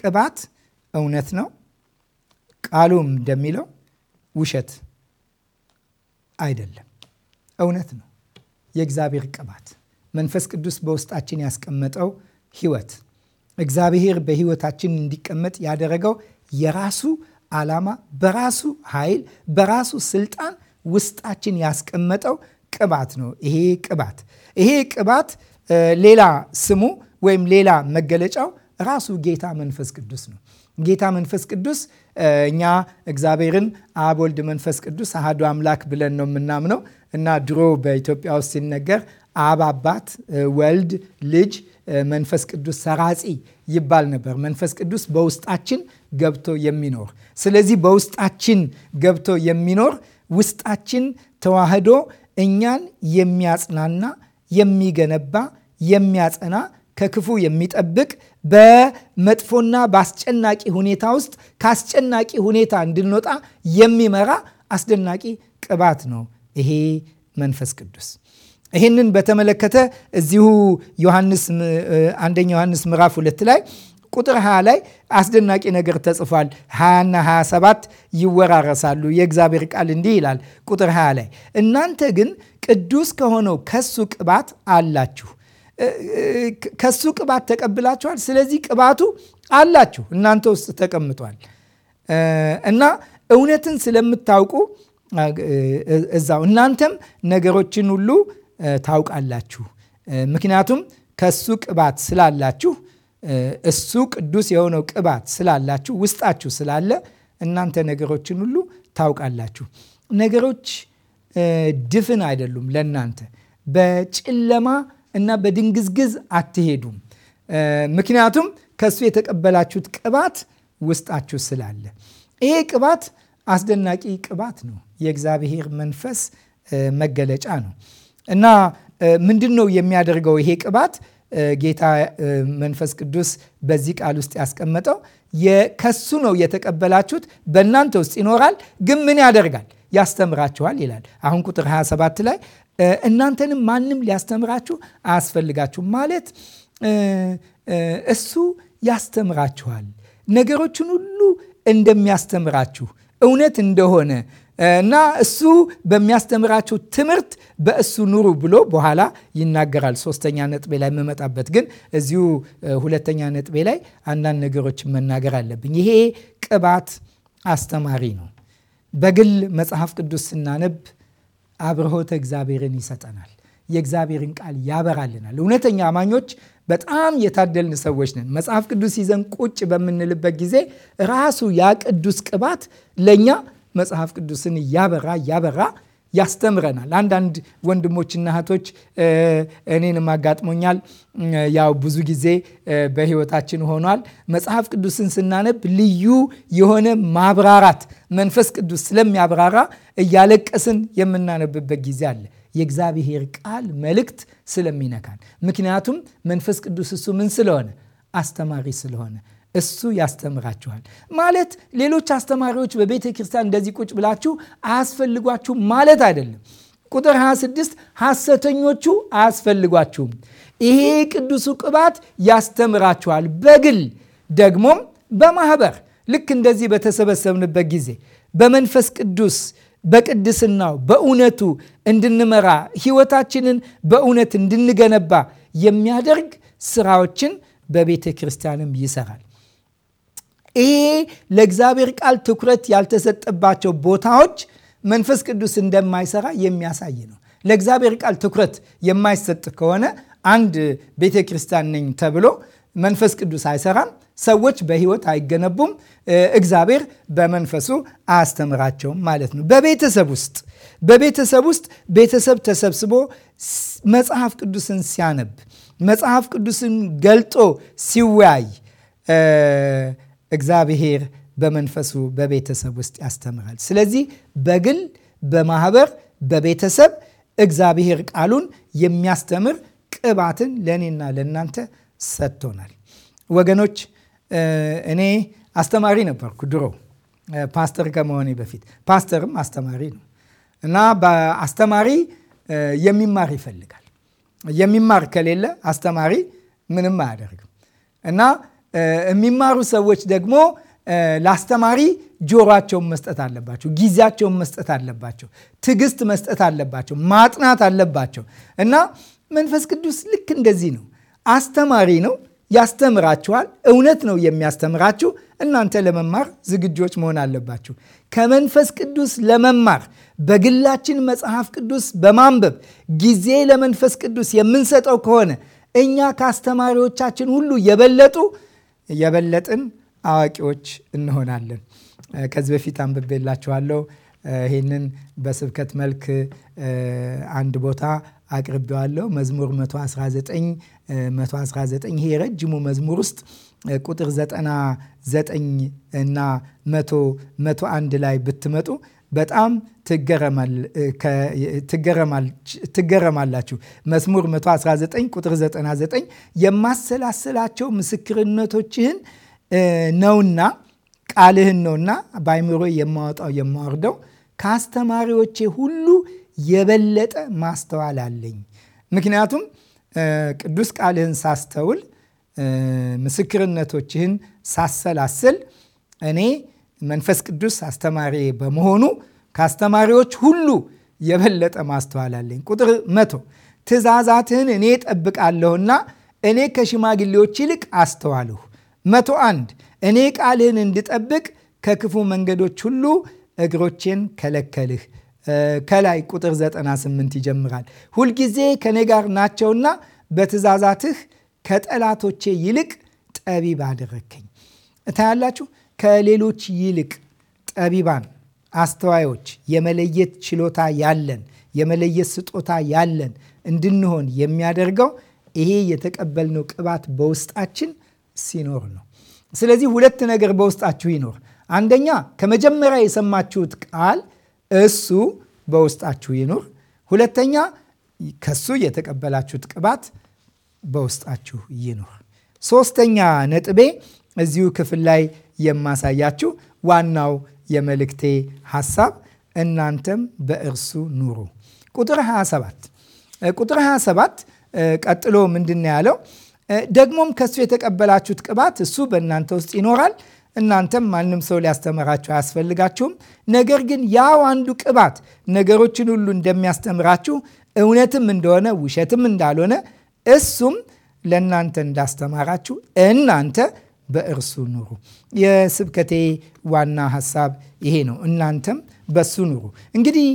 ቅባት እውነት ነው። ቃሉም እንደሚለው ውሸት አይደለም፣ እውነት ነው። የእግዚአብሔር ቅባት መንፈስ ቅዱስ በውስጣችን ያስቀመጠው ሕይወት እግዚአብሔር በህይወታችን እንዲቀመጥ ያደረገው የራሱ ዓላማ በራሱ ኃይል በራሱ ስልጣን ውስጣችን ያስቀመጠው ቅባት ነው። ይሄ ቅባት ይሄ ቅባት ሌላ ስሙ ወይም ሌላ መገለጫው ራሱ ጌታ መንፈስ ቅዱስ ነው። ጌታ መንፈስ ቅዱስ እኛ እግዚአብሔርን አብ፣ ወልድ፣ መንፈስ ቅዱስ አህዱ አምላክ ብለን ነው የምናምነው እና ድሮ በኢትዮጵያ ውስጥ ሲነገር አብ አባት፣ ወልድ ልጅ መንፈስ ቅዱስ ሰራጺ ይባል ነበር። መንፈስ ቅዱስ በውስጣችን ገብቶ የሚኖር ስለዚህ በውስጣችን ገብቶ የሚኖር ውስጣችን ተዋህዶ እኛን የሚያጽናና የሚገነባ፣ የሚያጸና፣ ከክፉ የሚጠብቅ በመጥፎና በአስጨናቂ ሁኔታ ውስጥ ከአስጨናቂ ሁኔታ እንድንወጣ የሚመራ አስደናቂ ቅባት ነው ይሄ መንፈስ ቅዱስ። ይህንን በተመለከተ እዚሁ ዮሐንስ አንደኛ ዮሐንስ ምዕራፍ ሁለት ላይ ቁጥር 20 ላይ አስደናቂ ነገር ተጽፏል። 20ና 27 ይወራረሳሉ። የእግዚአብሔር ቃል እንዲህ ይላል። ቁጥር 20 ላይ እናንተ ግን ቅዱስ ከሆነው ከሱ ቅባት አላችሁ። ከሱ ቅባት ተቀብላችኋል። ስለዚህ ቅባቱ አላችሁ፣ እናንተ ውስጥ ተቀምጧል እና እውነትን ስለምታውቁ እዛው እናንተም ነገሮችን ሁሉ ታውቃላችሁ። ምክንያቱም ከሱ ቅባት ስላላችሁ እሱ ቅዱስ የሆነው ቅባት ስላላችሁ ውስጣችሁ ስላለ እናንተ ነገሮችን ሁሉ ታውቃላችሁ። ነገሮች ድፍን አይደሉም። ለእናንተ በጨለማ እና በድንግዝግዝ አትሄዱም። ምክንያቱም ከሱ የተቀበላችሁት ቅባት ውስጣችሁ ስላለ ይሄ ቅባት አስደናቂ ቅባት ነው። የእግዚአብሔር መንፈስ መገለጫ ነው። እና ምንድን ነው የሚያደርገው ይሄ ቅባት? ጌታ መንፈስ ቅዱስ በዚህ ቃል ውስጥ ያስቀመጠው ከሱ ነው የተቀበላችሁት፣ በእናንተ ውስጥ ይኖራል፣ ግን ምን ያደርጋል? ያስተምራችኋል ይላል። አሁን ቁጥር 27 ላይ እናንተንም ማንም ሊያስተምራችሁ አያስፈልጋችሁም ማለት እሱ ያስተምራችኋል ነገሮችን ሁሉ እንደሚያስተምራችሁ እውነት እንደሆነ እና እሱ በሚያስተምራቸው ትምህርት በእሱ ኑሩ ብሎ በኋላ ይናገራል። ሶስተኛ ነጥቤ ላይ የምመጣበት ግን እዚሁ ሁለተኛ ነጥቤ ላይ አንዳንድ ነገሮችን መናገር አለብኝ። ይሄ ቅባት አስተማሪ ነው። በግል መጽሐፍ ቅዱስ ስናነብ አብርሆተ እግዚአብሔርን ይሰጠናል። የእግዚአብሔርን ቃል ያበራልናል። እውነተኛ አማኞች በጣም የታደልን ሰዎች ነን። መጽሐፍ ቅዱስ ይዘን ቁጭ በምንልበት ጊዜ ራሱ ያ ቅዱስ ቅባት ለእኛ መጽሐፍ ቅዱስን እያበራ እያበራ ያስተምረናል። አንዳንድ ወንድሞችና እህቶች እኔንም አጋጥሞኛል። ያው ብዙ ጊዜ በህይወታችን ሆኗል። መጽሐፍ ቅዱስን ስናነብ ልዩ የሆነ ማብራራት መንፈስ ቅዱስ ስለሚያብራራ እያለቀስን የምናነብበት ጊዜ አለ። የእግዚአብሔር ቃል መልእክት ስለሚነካን፣ ምክንያቱም መንፈስ ቅዱስ እሱ ምን ስለሆነ አስተማሪ ስለሆነ እሱ ያስተምራችኋል። ማለት ሌሎች አስተማሪዎች በቤተ ክርስቲያን እንደዚህ ቁጭ ብላችሁ አያስፈልጓችሁም ማለት አይደለም። ቁጥር 26 ሐሰተኞቹ አያስፈልጓችሁም፣ ይሄ ቅዱሱ ቅባት ያስተምራችኋል፣ በግል ደግሞም በማህበር ልክ እንደዚህ በተሰበሰብንበት ጊዜ በመንፈስ ቅዱስ በቅድስናው በእውነቱ እንድንመራ ሕይወታችንን በእውነት እንድንገነባ የሚያደርግ ስራዎችን በቤተ ክርስቲያንም ይሰራል። ይሄ ለእግዚአብሔር ቃል ትኩረት ያልተሰጠባቸው ቦታዎች መንፈስ ቅዱስ እንደማይሰራ የሚያሳይ ነው። ለእግዚአብሔር ቃል ትኩረት የማይሰጥ ከሆነ አንድ ቤተ ክርስቲያን ነኝ ተብሎ መንፈስ ቅዱስ አይሰራም፣ ሰዎች በህይወት አይገነቡም፣ እግዚአብሔር በመንፈሱ አያስተምራቸውም ማለት ነው። በቤተሰብ ውስጥ በቤተሰብ ውስጥ ቤተሰብ ተሰብስቦ መጽሐፍ ቅዱስን ሲያነብ መጽሐፍ ቅዱስን ገልጦ ሲወያይ እግዚአብሔር በመንፈሱ በቤተሰብ ውስጥ ያስተምራል። ስለዚህ በግል በማህበር በቤተሰብ እግዚአብሔር ቃሉን የሚያስተምር ቅባትን ለእኔና ለእናንተ ሰጥቶናል። ወገኖች እኔ አስተማሪ ነበርኩ ድሮ ፓስተር ከመሆኔ በፊት ፓስተርም አስተማሪ ነው እና በአስተማሪ የሚማር ይፈልጋል። የሚማር ከሌለ አስተማሪ ምንም አያደርግም እና የሚማሩ ሰዎች ደግሞ ለአስተማሪ ጆሯቸውን መስጠት አለባቸው። ጊዜያቸውን መስጠት አለባቸው። ትዕግስት መስጠት አለባቸው። ማጥናት አለባቸው እና መንፈስ ቅዱስ ልክ እንደዚህ ነው። አስተማሪ ነው፣ ያስተምራችኋል። እውነት ነው የሚያስተምራችሁ። እናንተ ለመማር ዝግጆች መሆን አለባችሁ። ከመንፈስ ቅዱስ ለመማር በግላችን መጽሐፍ ቅዱስ በማንበብ ጊዜ ለመንፈስ ቅዱስ የምንሰጠው ከሆነ እኛ ከአስተማሪዎቻችን ሁሉ የበለጡ የበለጥን አዋቂዎች እንሆናለን። ከዚህ በፊት አንብቤላችኋለሁ። ይህንን በስብከት መልክ አንድ ቦታ አቅርቤዋለሁ። መዝሙር 119 119 ይሄ የረጅሙ መዝሙር ውስጥ ቁጥር 99 እና መቶ መቶ ላይ ብትመጡ በጣም ትገረማላችሁ። መዝሙር 119 ቁጥር 99 የማሰላስላቸው ምስክርነቶችህን ነውና ቃልህን ነውና በአይምሮ የማወጣው የማወርደው ከአስተማሪዎቼ ሁሉ የበለጠ ማስተዋል አለኝ። ምክንያቱም ቅዱስ ቃልህን ሳስተውል፣ ምስክርነቶችህን ሳሰላስል እኔ መንፈስ ቅዱስ አስተማሪ በመሆኑ ከአስተማሪዎች ሁሉ የበለጠ ማስተዋል አለኝ። ቁጥር መቶ ትእዛዛትህን እኔ ጠብቃለሁና እኔ ከሽማግሌዎች ይልቅ አስተዋልሁ። መቶ አንድ እኔ ቃልህን እንድጠብቅ ከክፉ መንገዶች ሁሉ እግሮቼን ከለከልህ። ከላይ ቁጥር 98 ይጀምራል። ሁልጊዜ ከእኔ ጋር ናቸውና በትእዛዛትህ ከጠላቶቼ ይልቅ ጠቢብ አደረግከኝ። እታያላችሁ ከሌሎች ይልቅ ጠቢባን አስተዋዮች፣ የመለየት ችሎታ ያለን፣ የመለየት ስጦታ ያለን እንድንሆን የሚያደርገው ይሄ የተቀበልነው ቅባት በውስጣችን ሲኖር ነው። ስለዚህ ሁለት ነገር በውስጣችሁ ይኖር። አንደኛ ከመጀመሪያ የሰማችሁት ቃል እሱ በውስጣችሁ ይኖር ሁለተኛ ከሱ የተቀበላችሁት ቅባት በውስጣችሁ ይኖር ሶስተኛ ነጥቤ እዚሁ ክፍል ላይ የማሳያችሁ ዋናው የመልእክቴ ሐሳብ እናንተም በእርሱ ኑሩ። ቁጥር 27 ቁጥር 27 ቀጥሎ ምንድን ያለው? ደግሞም ከሱ የተቀበላችሁት ቅባት እሱ በእናንተ ውስጥ ይኖራል፣ እናንተም ማንም ሰው ሊያስተምራችሁ አያስፈልጋችሁም። ነገር ግን ያው አንዱ ቅባት ነገሮችን ሁሉ እንደሚያስተምራችሁ እውነትም እንደሆነ ውሸትም እንዳልሆነ እሱም ለእናንተ እንዳስተማራችሁ እናንተ በእርሱ ኑሩ። የስብከቴ ዋና ሀሳብ ይሄ ነው። እናንተም በሱ ኑሩ። እንግዲህ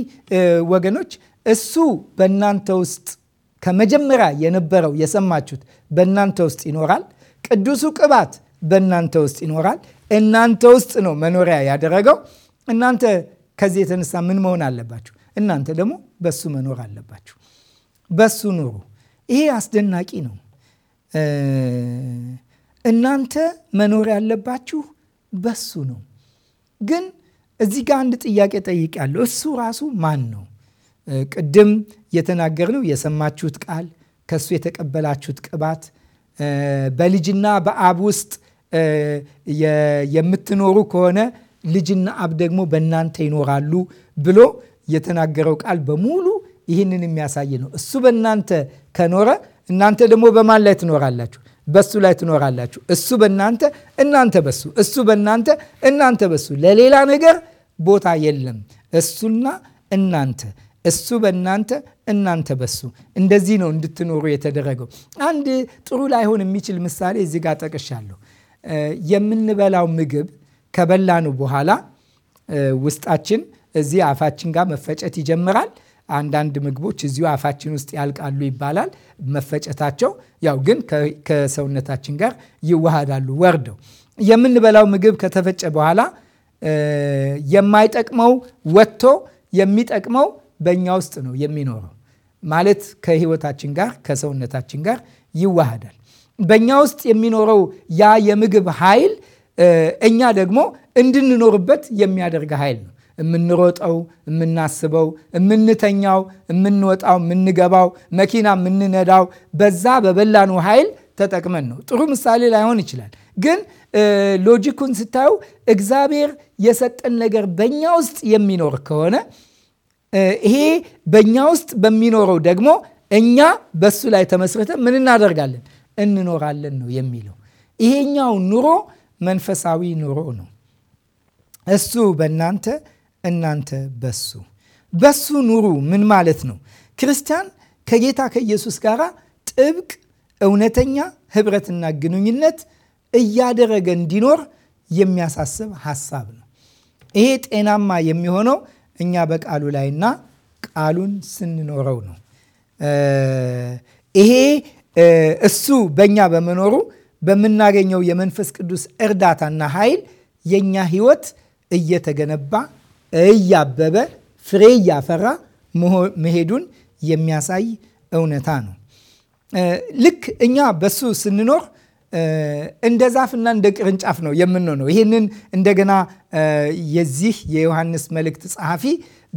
ወገኖች እሱ በእናንተ ውስጥ ከመጀመሪያ የነበረው የሰማችሁት በእናንተ ውስጥ ይኖራል። ቅዱሱ ቅባት በእናንተ ውስጥ ይኖራል። እናንተ ውስጥ ነው መኖሪያ ያደረገው። እናንተ ከዚህ የተነሳ ምን መሆን አለባችሁ? እናንተ ደግሞ በሱ መኖር አለባችሁ። በሱ ኑሩ። ይሄ አስደናቂ ነው። እናንተ መኖር ያለባችሁ በሱ ነው። ግን እዚህ ጋር አንድ ጥያቄ ጠይቄያለሁ። እሱ ራሱ ማን ነው? ቅድም የተናገርነው የሰማችሁት ቃል፣ ከሱ የተቀበላችሁት ቅባት፣ በልጅና በአብ ውስጥ የምትኖሩ ከሆነ ልጅና አብ ደግሞ በእናንተ ይኖራሉ ብሎ የተናገረው ቃል በሙሉ ይህንን የሚያሳይ ነው። እሱ በእናንተ ከኖረ እናንተ ደግሞ በማን ላይ ትኖራላችሁ? በሱ ላይ ትኖራላችሁ። እሱ በእናንተ እናንተ በሱ እሱ በእናንተ እናንተ በሱ ለሌላ ነገር ቦታ የለም። እሱና እናንተ እሱ በእናንተ እናንተ በሱ እንደዚህ ነው እንድትኖሩ የተደረገው። አንድ ጥሩ ላይሆን የሚችል ምሳሌ እዚህ ጋር ጠቅሻለሁ። የምንበላው ምግብ ከበላኑ በኋላ ውስጣችን እዚህ አፋችን ጋር መፈጨት ይጀምራል። አንዳንድ ምግቦች እዚሁ አፋችን ውስጥ ያልቃሉ ይባላል። መፈጨታቸው ያው ግን ከሰውነታችን ጋር ይዋሃዳሉ። ወርደው የምንበላው ምግብ ከተፈጨ በኋላ የማይጠቅመው ወጥቶ የሚጠቅመው በእኛ ውስጥ ነው የሚኖረው። ማለት ከህይወታችን ጋር ከሰውነታችን ጋር ይዋሃዳል። በእኛ ውስጥ የሚኖረው ያ የምግብ ኃይል እኛ ደግሞ እንድንኖርበት የሚያደርግ ኃይል ነው። የምንሮጠው፣ የምናስበው፣ የምንተኛው፣ የምንወጣው፣ የምንገባው፣ መኪና የምንነዳው በዛ በበላኑ ኃይል ተጠቅመን ነው። ጥሩ ምሳሌ ላይሆን ይችላል፣ ግን ሎጂኩን ስታዩ እግዚአብሔር የሰጠን ነገር በእኛ ውስጥ የሚኖር ከሆነ ይሄ በእኛ ውስጥ በሚኖረው ደግሞ እኛ በሱ ላይ ተመስርተን ምን እናደርጋለን? እንኖራለን ነው የሚለው። ይሄኛው ኑሮ መንፈሳዊ ኑሮ ነው። እሱ በእናንተ እናንተ በሱ በሱ ኑሩ። ምን ማለት ነው? ክርስቲያን ከጌታ ከኢየሱስ ጋር ጥብቅ እውነተኛ ህብረትና ግንኙነት እያደረገ እንዲኖር የሚያሳስብ ሀሳብ ነው። ይሄ ጤናማ የሚሆነው እኛ በቃሉ ላይና ቃሉን ስንኖረው ነው። ይሄ እሱ በእኛ በመኖሩ በምናገኘው የመንፈስ ቅዱስ እርዳታና ኃይል የእኛ ህይወት እየተገነባ እያበበ ፍሬ እያፈራ መሄዱን የሚያሳይ እውነታ ነው። ልክ እኛ በሱ ስንኖር እንደ ዛፍና እንደ ቅርንጫፍ ነው የምንሆነው። ይህንን እንደገና የዚህ የዮሐንስ መልእክት ጸሐፊ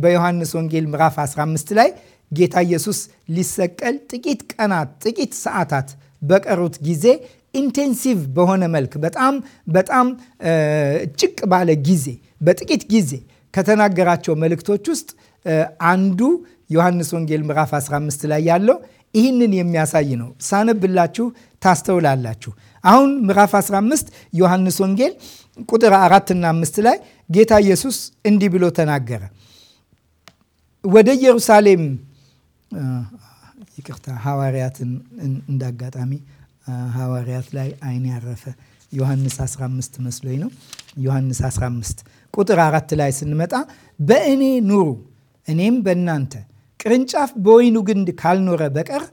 በዮሐንስ ወንጌል ምዕራፍ 15 ላይ ጌታ ኢየሱስ ሊሰቀል ጥቂት ቀናት ጥቂት ሰዓታት በቀሩት ጊዜ ኢንቴንሲቭ በሆነ መልክ በጣም በጣም ጭቅ ባለ ጊዜ በጥቂት ጊዜ ከተናገራቸው መልእክቶች ውስጥ አንዱ ዮሐንስ ወንጌል ምዕራፍ 15 ላይ ያለው ይህንን የሚያሳይ ነው። ሳነብላችሁ ታስተውላላችሁ። አሁን ምዕራፍ 15 ዮሐንስ ወንጌል ቁጥር አራትና አምስት ላይ ጌታ ኢየሱስ እንዲህ ብሎ ተናገረ። ወደ ኢየሩሳሌም ይቅርታ፣ ሐዋርያትን እንዳጋጣሚ ሐዋርያት ላይ አይን ያረፈ ዮሐንስ 15 መስሎኝ ነው። ዮሐንስ 15 ቁጥር አራት ላይ ስንመጣ በእኔ ኑሩ እኔም በእናንተ ቅርንጫፍ በወይኑ ግንድ ካልኖረ በቀር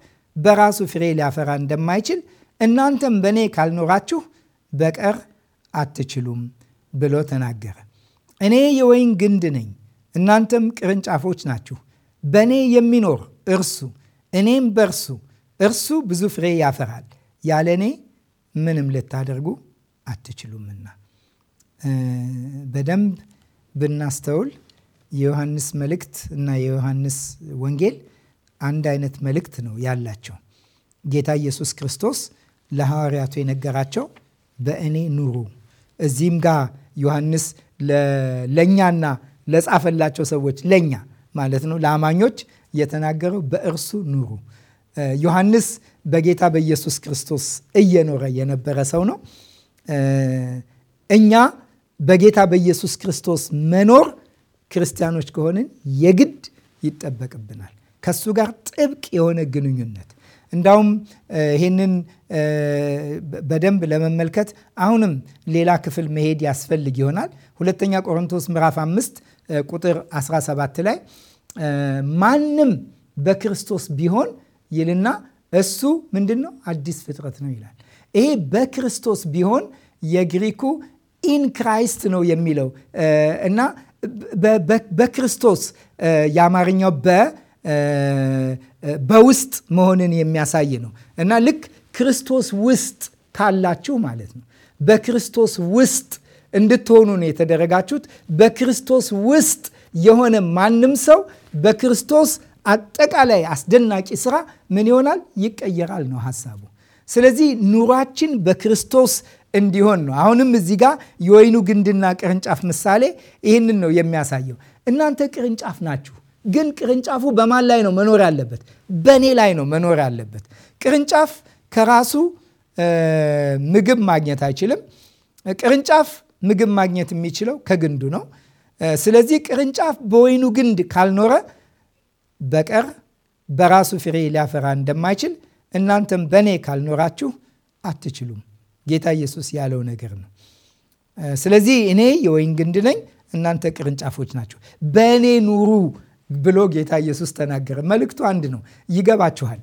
በራሱ ፍሬ ሊያፈራ እንደማይችል እናንተም በእኔ ካልኖራችሁ በቀር አትችሉም ብሎ ተናገረ። እኔ የወይን ግንድ ነኝ፣ እናንተም ቅርንጫፎች ናችሁ። በእኔ የሚኖር እርሱ እኔም በርሱ እርሱ ብዙ ፍሬ ያፈራል፣ ያለ እኔ ምንም ልታደርጉ አትችሉምና በደንብ ብናስተውል የዮሐንስ መልእክት እና የዮሐንስ ወንጌል አንድ አይነት መልእክት ነው ያላቸው። ጌታ ኢየሱስ ክርስቶስ ለሐዋርያቱ የነገራቸው በእኔ ኑሩ። እዚህም ጋር ዮሐንስ ለእኛና ለጻፈላቸው ሰዎች ለእኛ ማለት ነው ለአማኞች የተናገረው በእርሱ ኑሩ። ዮሐንስ በጌታ በኢየሱስ ክርስቶስ እየኖረ የነበረ ሰው ነው። እኛ በጌታ በኢየሱስ ክርስቶስ መኖር ክርስቲያኖች ከሆንን የግድ ይጠበቅብናል። ከሱ ጋር ጥብቅ የሆነ ግንኙነት እንዳውም ይህንን በደንብ ለመመልከት አሁንም ሌላ ክፍል መሄድ ያስፈልግ ይሆናል። ሁለተኛ ቆሮንቶስ ምዕራፍ 5 ቁጥር 17 ላይ ማንም በክርስቶስ ቢሆን ይልና እሱ ምንድን ነው አዲስ ፍጥረት ነው ይላል። ይሄ በክርስቶስ ቢሆን የግሪኩ ኢን ክራይስት ነው የሚለው እና በክርስቶስ የአማርኛው በ በውስጥ መሆንን የሚያሳይ ነው እና ልክ ክርስቶስ ውስጥ ካላችሁ ማለት ነው በክርስቶስ ውስጥ እንድትሆኑ ነው የተደረጋችሁት። በክርስቶስ ውስጥ የሆነ ማንም ሰው በክርስቶስ አጠቃላይ አስደናቂ ስራ ምን ይሆናል? ይቀየራል ነው ሀሳቡ። ስለዚህ ኑሯችን በክርስቶስ እንዲሆን ነው። አሁንም እዚህ ጋር የወይኑ ግንድና ቅርንጫፍ ምሳሌ ይህንን ነው የሚያሳየው። እናንተ ቅርንጫፍ ናችሁ፣ ግን ቅርንጫፉ በማን ላይ ነው መኖር ያለበት? በእኔ ላይ ነው መኖር ያለበት። ቅርንጫፍ ከራሱ ምግብ ማግኘት አይችልም። ቅርንጫፍ ምግብ ማግኘት የሚችለው ከግንዱ ነው። ስለዚህ ቅርንጫፍ በወይኑ ግንድ ካልኖረ በቀር በራሱ ፍሬ ሊያፈራ እንደማይችል እናንተም በእኔ ካልኖራችሁ አትችሉም። ጌታ ኢየሱስ ያለው ነገር ነው። ስለዚህ እኔ የወይን ግንድ ነኝ፣ እናንተ ቅርንጫፎች ናቸው። በእኔ ኑሩ ብሎ ጌታ ኢየሱስ ተናገረ። መልእክቱ አንድ ነው፣ ይገባችኋል።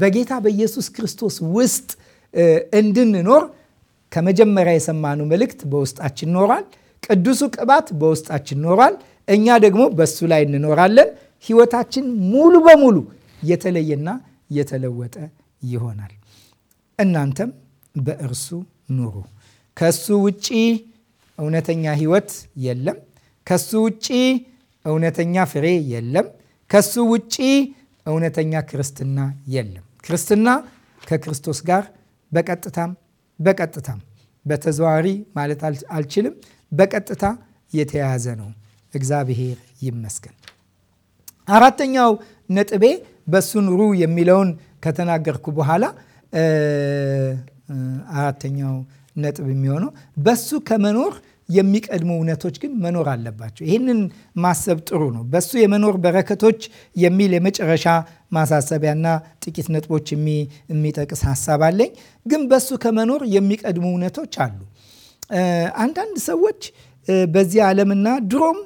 በጌታ በኢየሱስ ክርስቶስ ውስጥ እንድንኖር ከመጀመሪያ የሰማነው መልእክት በውስጣችን ኖሯል። ቅዱሱ ቅባት በውስጣችን ኖሯል። እኛ ደግሞ በሱ ላይ እንኖራለን። ህይወታችን ሙሉ በሙሉ የተለየና የተለወጠ ይሆናል። እናንተም በእርሱ ኑሩ። ከሱ ውጪ እውነተኛ ህይወት የለም። ከሱ ውጪ እውነተኛ ፍሬ የለም። ከሱ ውጪ እውነተኛ ክርስትና የለም። ክርስትና ከክርስቶስ ጋር በቀጥታም በቀጥታም በተዘዋዋሪ ማለት አልችልም፣ በቀጥታ የተያያዘ ነው። እግዚአብሔር ይመስገን። አራተኛው ነጥቤ በሱ ኑሩ የሚለውን ከተናገርኩ በኋላ አራተኛው ነጥብ የሚሆነው በሱ ከመኖር የሚቀድሙ እውነቶች ግን መኖር አለባቸው። ይህንን ማሰብ ጥሩ ነው። በሱ የመኖር በረከቶች የሚል የመጨረሻ ማሳሰቢያና ጥቂት ነጥቦች የሚጠቅስ ሀሳብ አለኝ። ግን በሱ ከመኖር የሚቀድሙ እውነቶች አሉ። አንዳንድ ሰዎች በዚህ ዓለምና ድሮም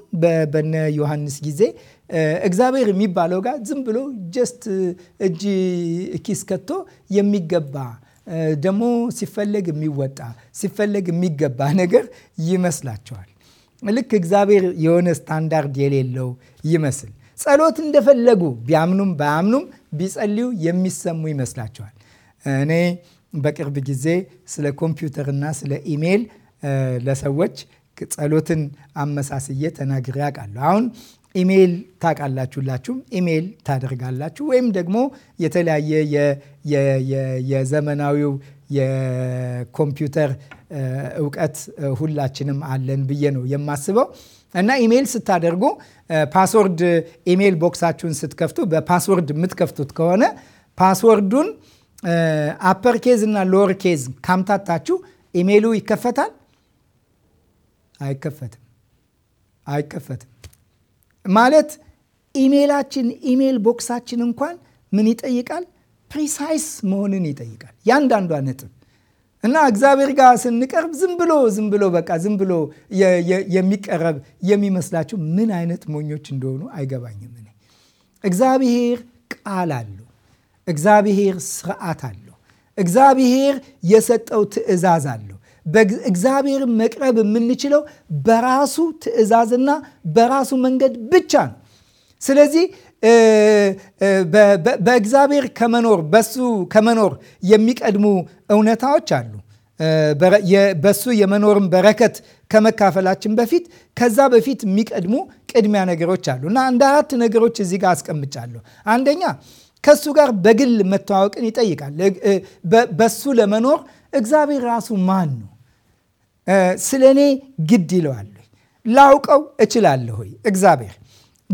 በነ ዮሐንስ ጊዜ እግዚአብሔር የሚባለው ጋር ዝም ብሎ ጀስት እጅ ኪስ ከቶ የሚገባ ደግሞ ሲፈለግ የሚወጣ ሲፈለግ የሚገባ ነገር ይመስላቸዋል። ልክ እግዚአብሔር የሆነ ስታንዳርድ የሌለው ይመስል ጸሎት እንደፈለጉ ቢያምኑም ባያምኑም ቢጸልዩ የሚሰሙ ይመስላቸዋል። እኔ በቅርብ ጊዜ ስለ ኮምፒውተርና ስለ ኢሜይል ለሰዎች ጸሎትን አመሳስዬ ተናግሬ አውቃለሁ። አሁን ኢሜይል ታውቃላችሁላችሁም ኢሜይል ታደርጋላችሁ ወይም ደግሞ የተለያየ የዘመናዊው የኮምፒውተር እውቀት ሁላችንም አለን ብዬ ነው የማስበው እና ኢሜይል ስታደርጉ ፓስወርድ ኢሜይል ቦክሳችሁን ስትከፍቱ በፓስወርድ የምትከፍቱት ከሆነ ፓስወርዱን አፐር ኬዝ እና ሎወር ኬዝ ካምታታችሁ ኢሜይሉ ይከፈታል? አይከፈትም አይከፈትም። ማለት ኢሜላችን ኢሜል ቦክሳችን እንኳን ምን ይጠይቃል? ፕሪሳይስ መሆንን ይጠይቃል። ያንዳንዷ ነጥብ እና እግዚአብሔር ጋር ስንቀርብ ዝም ብሎ ዝም ብሎ በቃ ዝም ብሎ የሚቀረብ የሚመስላቸው ምን አይነት ሞኞች እንደሆኑ አይገባኝም። እኔ እግዚአብሔር ቃል አለው። እግዚአብሔር ስርዓት አለው። እግዚአብሔር የሰጠው ትእዛዝ አለው። በእግዚአብሔር መቅረብ የምንችለው በራሱ ትእዛዝና በራሱ መንገድ ብቻ ነው። ስለዚህ በእግዚአብሔር ከመኖር በሱ ከመኖር የሚቀድሙ እውነታዎች አሉ። በሱ የመኖርን በረከት ከመካፈላችን በፊት ከዛ በፊት የሚቀድሙ ቅድሚያ ነገሮች አሉ እና እንደ አራት ነገሮች እዚህ ጋር አስቀምጫለሁ። አንደኛ ከሱ ጋር በግል መተዋወቅን ይጠይቃል። በሱ ለመኖር እግዚአብሔር ራሱ ማን ነው? ስለ እኔ ግድ ይለዋል? ላውቀው እችላለሁ ሆይ? እግዚአብሔር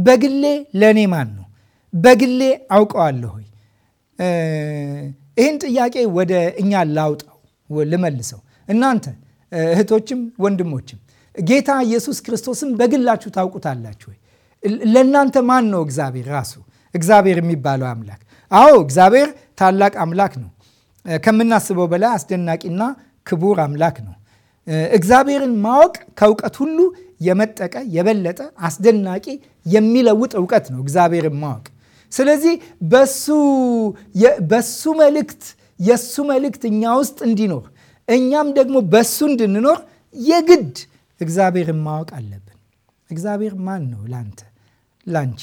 በግሌ ለእኔ ማን ነው? በግሌ አውቀዋለሁ ይህን ጥያቄ ወደ እኛ ላውጣው፣ ልመልሰው። እናንተ እህቶችም ወንድሞችም ጌታ ኢየሱስ ክርስቶስን በግላችሁ ታውቁታላችሁ ወይ? ለእናንተ ማን ነው? እግዚአብሔር ራሱ እግዚአብሔር የሚባለው አምላክ። አዎ እግዚአብሔር ታላቅ አምላክ ነው። ከምናስበው በላይ አስደናቂና ክቡር አምላክ ነው። እግዚአብሔርን ማወቅ ከእውቀት ሁሉ የመጠቀ የበለጠ አስደናቂ የሚለውጥ እውቀት ነው እግዚአብሔርን ማወቅ። ስለዚህ በሱ መልእክት የእሱ መልእክት እኛ ውስጥ እንዲኖር እኛም ደግሞ በሱ እንድንኖር የግድ እግዚአብሔርን ማወቅ አለብን። እግዚአብሔር ማን ነው? ላንተ ላንቺ።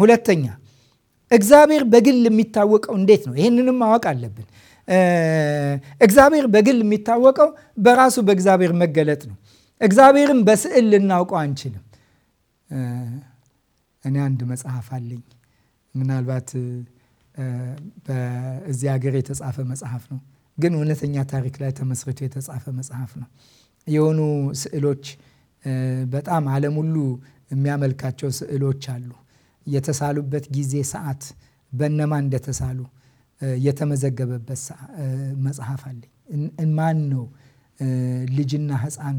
ሁለተኛ እግዚአብሔር በግል የሚታወቀው እንዴት ነው? ይህንንም ማወቅ አለብን። እግዚአብሔር በግል የሚታወቀው በራሱ በእግዚአብሔር መገለጥ ነው። እግዚአብሔርን በስዕል ልናውቀው አንችልም። እኔ አንድ መጽሐፍ አለኝ። ምናልባት በዚህ ሀገር የተጻፈ መጽሐፍ ነው፣ ግን እውነተኛ ታሪክ ላይ ተመስርቶ የተጻፈ መጽሐፍ ነው። የሆኑ ስዕሎች በጣም ዓለም ሁሉ የሚያመልካቸው ስዕሎች አሉ የተሳሉበት ጊዜ ሰዓት፣ በነማ እንደተሳሉ የተመዘገበበት መጽሐፍ አለኝ። ማን ነው ልጅና ሕፃን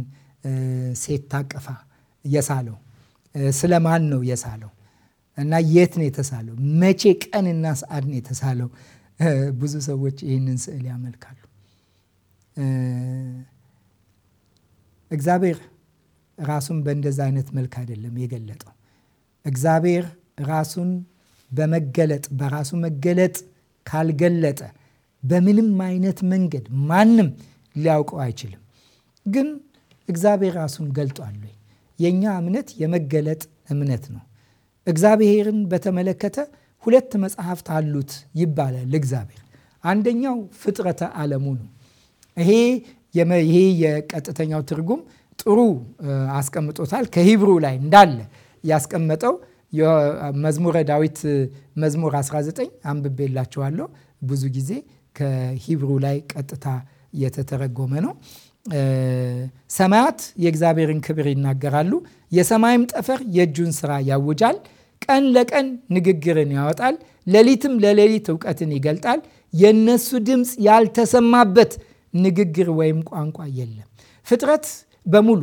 ሴት ታቅፋ የሳለው? ስለ ማን ነው የሳለው? እና የት ነው የተሳለው? መቼ ቀንና ሰዓት ነው የተሳለው? ብዙ ሰዎች ይህንን ስዕል ያመልካሉ። እግዚአብሔር ራሱን በእንደዛ አይነት መልክ አይደለም የገለጠው። እግዚአብሔር ራሱን በመገለጥ በራሱ መገለጥ ካልገለጠ በምንም አይነት መንገድ ማንም ሊያውቀው አይችልም። ግን እግዚአብሔር ራሱን ገልጧል። የእኛ እምነት የመገለጥ እምነት ነው። እግዚአብሔርን በተመለከተ ሁለት መጽሐፍት አሉት ይባላል። እግዚአብሔር አንደኛው ፍጥረተ ዓለሙ ነው። ይሄ ይሄ የቀጥተኛው ትርጉም ጥሩ አስቀምጦታል። ከሂብሩ ላይ እንዳለ ያስቀመጠው መዝሙረ ዳዊት መዝሙር 19 አንብቤላችኋለሁ። ብዙ ጊዜ ከሂብሩ ላይ ቀጥታ የተተረጎመ ነው። ሰማያት የእግዚአብሔርን ክብር ይናገራሉ፣ የሰማይም ጠፈር የእጁን ስራ ያውጃል። ቀን ለቀን ንግግርን ያወጣል፣ ሌሊትም ለሌሊት እውቀትን ይገልጣል። የእነሱ ድምፅ ያልተሰማበት ንግግር ወይም ቋንቋ የለም። ፍጥረት በሙሉ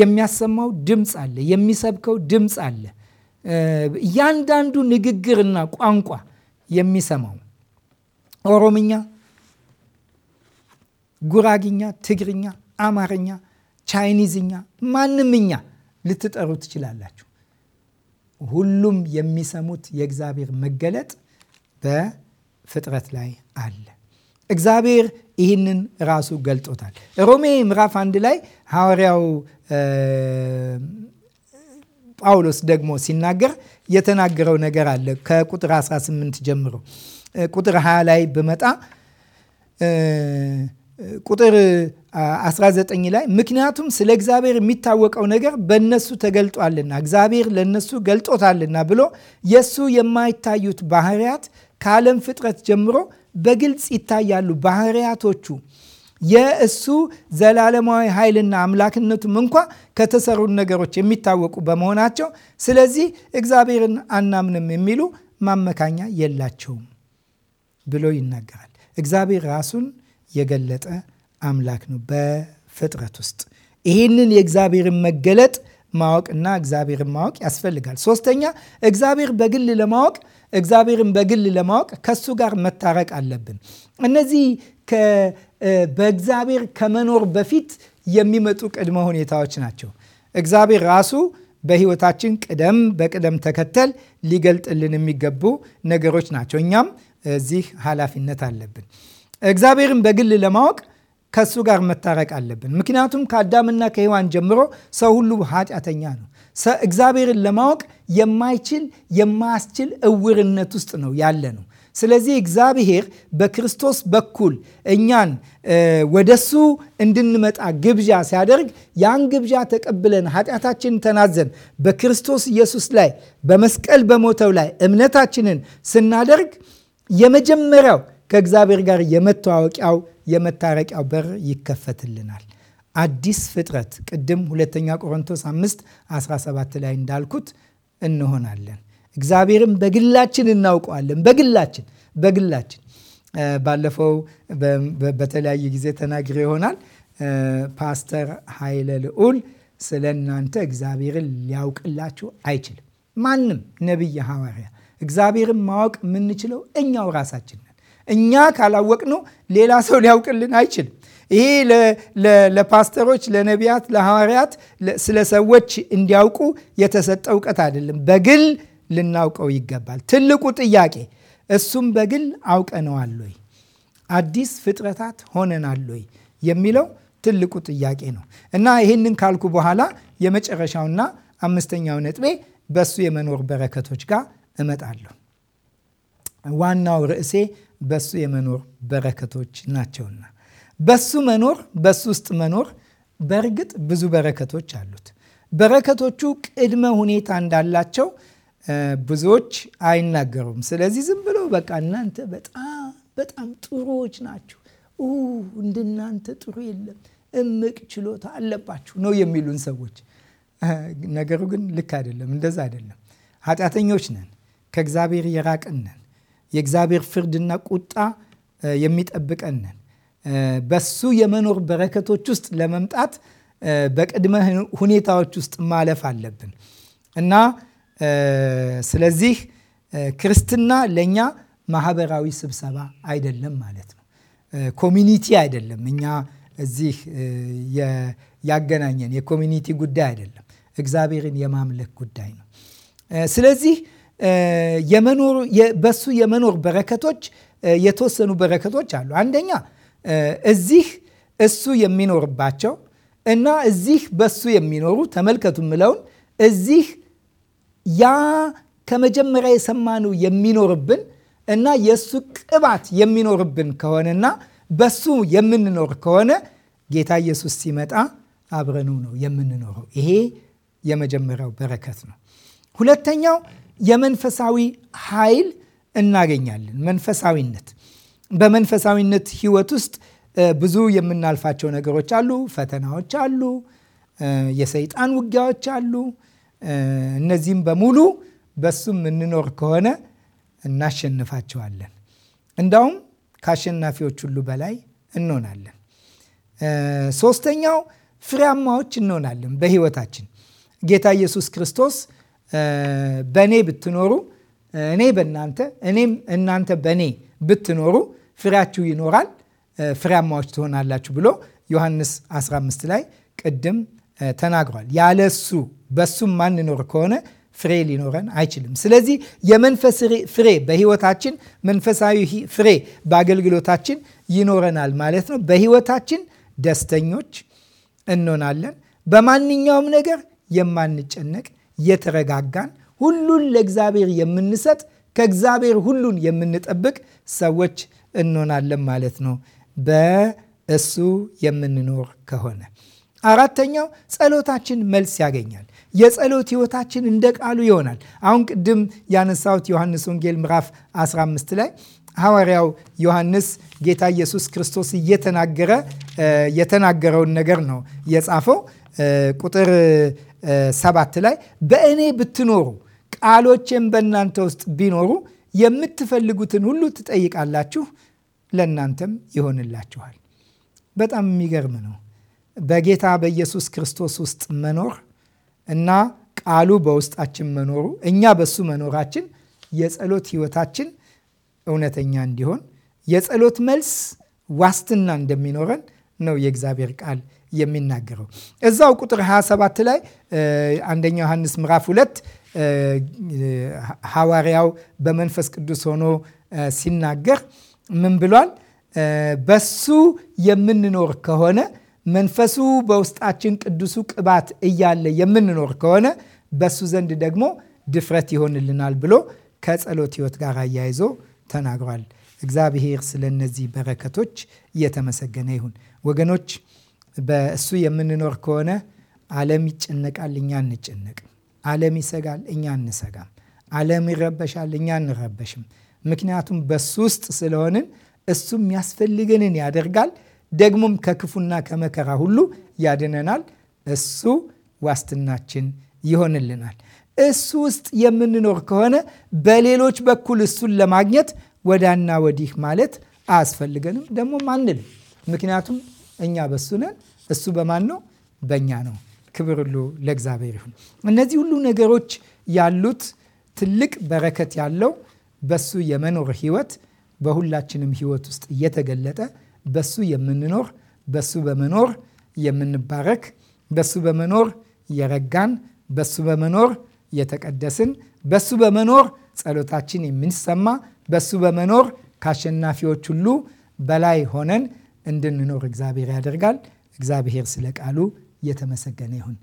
የሚያሰማው ድምፅ አለ፣ የሚሰብከው ድምፅ አለ። እያንዳንዱ ንግግርና ቋንቋ የሚሰማው ኦሮምኛ፣ ጉራግኛ፣ ትግርኛ፣ አማርኛ፣ ቻይኒዝኛ ማንምኛ ልትጠሩ ትችላላችሁ። ሁሉም የሚሰሙት የእግዚአብሔር መገለጥ በፍጥረት ላይ አለ። እግዚአብሔር ይህንን ራሱ ገልጦታል። ሮሜ ምዕራፍ አንድ ላይ ሐዋርያው ጳውሎስ ደግሞ ሲናገር የተናገረው ነገር አለ። ከቁጥር 18 ጀምሮ ቁጥር 20 ላይ ብመጣ ቁጥር 19 ላይ ምክንያቱም ስለ እግዚአብሔር የሚታወቀው ነገር በእነሱ ተገልጧልና እግዚአብሔር ለእነሱ ገልጦታልና ብሎ የእሱ የማይታዩት ባህርያት ከዓለም ፍጥረት ጀምሮ በግልጽ ይታያሉ። ባህርያቶቹ የእሱ ዘላለማዊ ኃይልና አምላክነቱም እንኳ ከተሰሩ ነገሮች የሚታወቁ በመሆናቸው ስለዚህ እግዚአብሔርን አናምንም የሚሉ ማመካኛ የላቸውም ብሎ ይናገራል። እግዚአብሔር ራሱን የገለጠ አምላክ ነው በፍጥረት ውስጥ። ይህንን የእግዚአብሔርን መገለጥ ማወቅና እግዚአብሔርን ማወቅ ያስፈልጋል። ሶስተኛ እግዚአብሔር በግል ለማወቅ እግዚአብሔርን በግል ለማወቅ ከሱ ጋር መታረቅ አለብን። እነዚህ በእግዚአብሔር ከመኖር በፊት የሚመጡ ቅድመ ሁኔታዎች ናቸው። እግዚአብሔር ራሱ በሕይወታችን ቅደም በቅደም ተከተል ሊገልጥልን የሚገቡ ነገሮች ናቸው። እኛም እዚህ ኃላፊነት አለብን። እግዚአብሔርን በግል ለማወቅ ከእሱ ጋር መታረቅ አለብን። ምክንያቱም ከአዳምና ከሔዋን ጀምሮ ሰው ሁሉ ኃጢአተኛ ነው። እግዚአብሔርን ለማወቅ የማይችል የማያስችል እውርነት ውስጥ ነው ያለ ነው። ስለዚህ እግዚአብሔር በክርስቶስ በኩል እኛን ወደሱ እንድንመጣ ግብዣ ሲያደርግ ያን ግብዣ ተቀብለን ኃጢአታችንን ተናዘን በክርስቶስ ኢየሱስ ላይ በመስቀል በሞተው ላይ እምነታችንን ስናደርግ የመጀመሪያው ከእግዚአብሔር ጋር የመተዋወቂያው የመታረቂያው በር ይከፈትልናል። አዲስ ፍጥረት ቅድም ሁለተኛ ቆሮንቶስ 5 17 ላይ እንዳልኩት እንሆናለን። እግዚአብሔርን በግላችን እናውቀዋለን። በግላችን በግላችን ባለፈው በተለያየ ጊዜ ተናግሬ ይሆናል ፓስተር ኃይለ ልዑል ስለ እናንተ እግዚአብሔርን ሊያውቅላችሁ አይችልም። ማንም ነቢይ፣ ሐዋርያ እግዚአብሔርን ማወቅ የምንችለው እኛው ራሳችን ነን። እኛ ካላወቅነው ሌላ ሰው ሊያውቅልን አይችልም። ይሄ ለፓስተሮች፣ ለነቢያት፣ ለሐዋርያት ስለ ሰዎች እንዲያውቁ የተሰጠ እውቀት አይደለም። በግል ልናውቀው ይገባል። ትልቁ ጥያቄ እሱም በግል አውቀነዋል ወይ፣ አዲስ ፍጥረታት ሆነናል ወይ የሚለው ትልቁ ጥያቄ ነው እና ይህንን ካልኩ በኋላ የመጨረሻውና አምስተኛው ነጥቤ በሱ የመኖር በረከቶች ጋር እመጣለሁ። ዋናው ርዕሴ በሱ የመኖር በረከቶች ናቸውና በሱ መኖር በሱ ውስጥ መኖር በእርግጥ ብዙ በረከቶች አሉት። በረከቶቹ ቅድመ ሁኔታ እንዳላቸው ብዙዎች አይናገሩም። ስለዚህ ዝም ብሎ በቃ እናንተ በጣም በጣም ጥሩዎች ናችሁ፣ እንደናንተ ጥሩ የለም፣ እምቅ ችሎታ አለባችሁ ነው የሚሉን ሰዎች። ነገሩ ግን ልክ አይደለም፣ እንደዛ አይደለም። ኃጢአተኞች ነን፣ ከእግዚአብሔር የራቅን ነን፣ የእግዚአብሔር ፍርድና ቁጣ የሚጠብቀን ነን። በሱ የመኖር በረከቶች ውስጥ ለመምጣት በቅድመ ሁኔታዎች ውስጥ ማለፍ አለብን እና ስለዚህ ክርስትና ለእኛ ማህበራዊ ስብሰባ አይደለም ማለት ነው። ኮሚኒቲ አይደለም። እኛ እዚህ ያገናኘን የኮሚኒቲ ጉዳይ አይደለም። እግዚአብሔርን የማምለክ ጉዳይ ነው። ስለዚህ በሱ የመኖር በረከቶች የተወሰኑ በረከቶች አሉ። አንደኛ እዚህ እሱ የሚኖርባቸው እና እዚህ በሱ የሚኖሩ ተመልከቱ ምለውን እዚህ ያ ከመጀመሪያ የሰማነው የሚኖርብን እና የእሱ ቅባት የሚኖርብን ከሆነና በሱ የምንኖር ከሆነ ጌታ ኢየሱስ ሲመጣ አብረኑ ነው የምንኖረው። ይሄ የመጀመሪያው በረከት ነው። ሁለተኛው የመንፈሳዊ ኃይል እናገኛለን። መንፈሳዊነት በመንፈሳዊነት ህይወት ውስጥ ብዙ የምናልፋቸው ነገሮች አሉ። ፈተናዎች አሉ። የሰይጣን ውጊያዎች አሉ። እነዚህም በሙሉ በሱ የምንኖር ከሆነ እናሸንፋቸዋለን። እንዳውም ከአሸናፊዎች ሁሉ በላይ እንሆናለን። ሶስተኛው ፍሬያማዎች እንሆናለን በህይወታችን ጌታ ኢየሱስ ክርስቶስ በእኔ ብትኖሩ እኔ በእናንተ እኔም እናንተ በእኔ ብትኖሩ ፍሬያችሁ ይኖራል፣ ፍሬያማዎች ትሆናላችሁ ብሎ ዮሐንስ 15 ላይ ቅድም ተናግሯል። ያለ እሱ በሱም ማንኖር ከሆነ ፍሬ ሊኖረን አይችልም። ስለዚህ የመንፈስ ፍሬ በህይወታችን መንፈሳዊ ፍሬ በአገልግሎታችን ይኖረናል ማለት ነው። በህይወታችን ደስተኞች እንሆናለን። በማንኛውም ነገር የማንጨነቅ የተረጋጋን፣ ሁሉን ለእግዚአብሔር የምንሰጥ ከእግዚአብሔር ሁሉን የምንጠብቅ ሰዎች እንሆናለን ማለት ነው በእሱ የምንኖር ከሆነ አራተኛው ጸሎታችን መልስ ያገኛል። የጸሎት ህይወታችን እንደ ቃሉ ይሆናል። አሁን ቅድም ያነሳሁት ዮሐንስ ወንጌል ምዕራፍ 15 ላይ ሐዋርያው ዮሐንስ ጌታ ኢየሱስ ክርስቶስ እየተናገረ የተናገረውን ነገር ነው የጻፈው። ቁጥር ሰባት ላይ በእኔ ብትኖሩ ቃሎቼም በእናንተ ውስጥ ቢኖሩ የምትፈልጉትን ሁሉ ትጠይቃላችሁ፣ ለእናንተም ይሆንላችኋል። በጣም የሚገርም ነው። በጌታ በኢየሱስ ክርስቶስ ውስጥ መኖር እና ቃሉ በውስጣችን መኖሩ እኛ በሱ መኖራችን የጸሎት ህይወታችን እውነተኛ እንዲሆን የጸሎት መልስ ዋስትና እንደሚኖረን ነው የእግዚአብሔር ቃል የሚናገረው። እዛው ቁጥር 27 ላይ አንደኛ ዮሐንስ ምዕራፍ ሁለት ሐዋርያው በመንፈስ ቅዱስ ሆኖ ሲናገር ምን ብሏል? በሱ የምንኖር ከሆነ መንፈሱ በውስጣችን ቅዱሱ ቅባት እያለ የምንኖር ከሆነ በሱ ዘንድ ደግሞ ድፍረት ይሆንልናል ብሎ ከጸሎት ሕይወት ጋር አያይዞ ተናግሯል። እግዚአብሔር ስለ እነዚህ በረከቶች እየተመሰገነ ይሁን። ወገኖች፣ በእሱ የምንኖር ከሆነ ዓለም ይጨነቃል፣ እኛ አንጨነቅም። ዓለም ይሰጋል፣ እኛ አንሰጋም። ዓለም ይረበሻል፣ እኛ አንረበሽም። ምክንያቱም በሱ ውስጥ ስለሆንን እሱም ያስፈልገንን ያደርጋል። ደግሞም ከክፉና ከመከራ ሁሉ ያድነናል። እሱ ዋስትናችን ይሆንልናል። እሱ ውስጥ የምንኖር ከሆነ በሌሎች በኩል እሱን ለማግኘት ወዳና ወዲህ ማለት አያስፈልገንም፣ ደግሞም አንልም። ምክንያቱም እኛ በሱ ነን፣ እሱ በማን ነው? በእኛ ነው። ክብር ሁሉ ለእግዚአብሔር ይሁን። እነዚህ ሁሉ ነገሮች ያሉት ትልቅ በረከት ያለው በሱ የመኖር ህይወት በሁላችንም ህይወት ውስጥ እየተገለጠ በሱ የምንኖር በሱ በመኖር የምንባረክ በሱ በመኖር የረጋን በሱ በመኖር የተቀደስን በሱ በመኖር ጸሎታችን የምንሰማ በሱ በመኖር ከአሸናፊዎች ሁሉ በላይ ሆነን እንድንኖር እግዚአብሔር ያደርጋል። እግዚአብሔር ስለ ቃሉ የተመሰገነ ይሁን።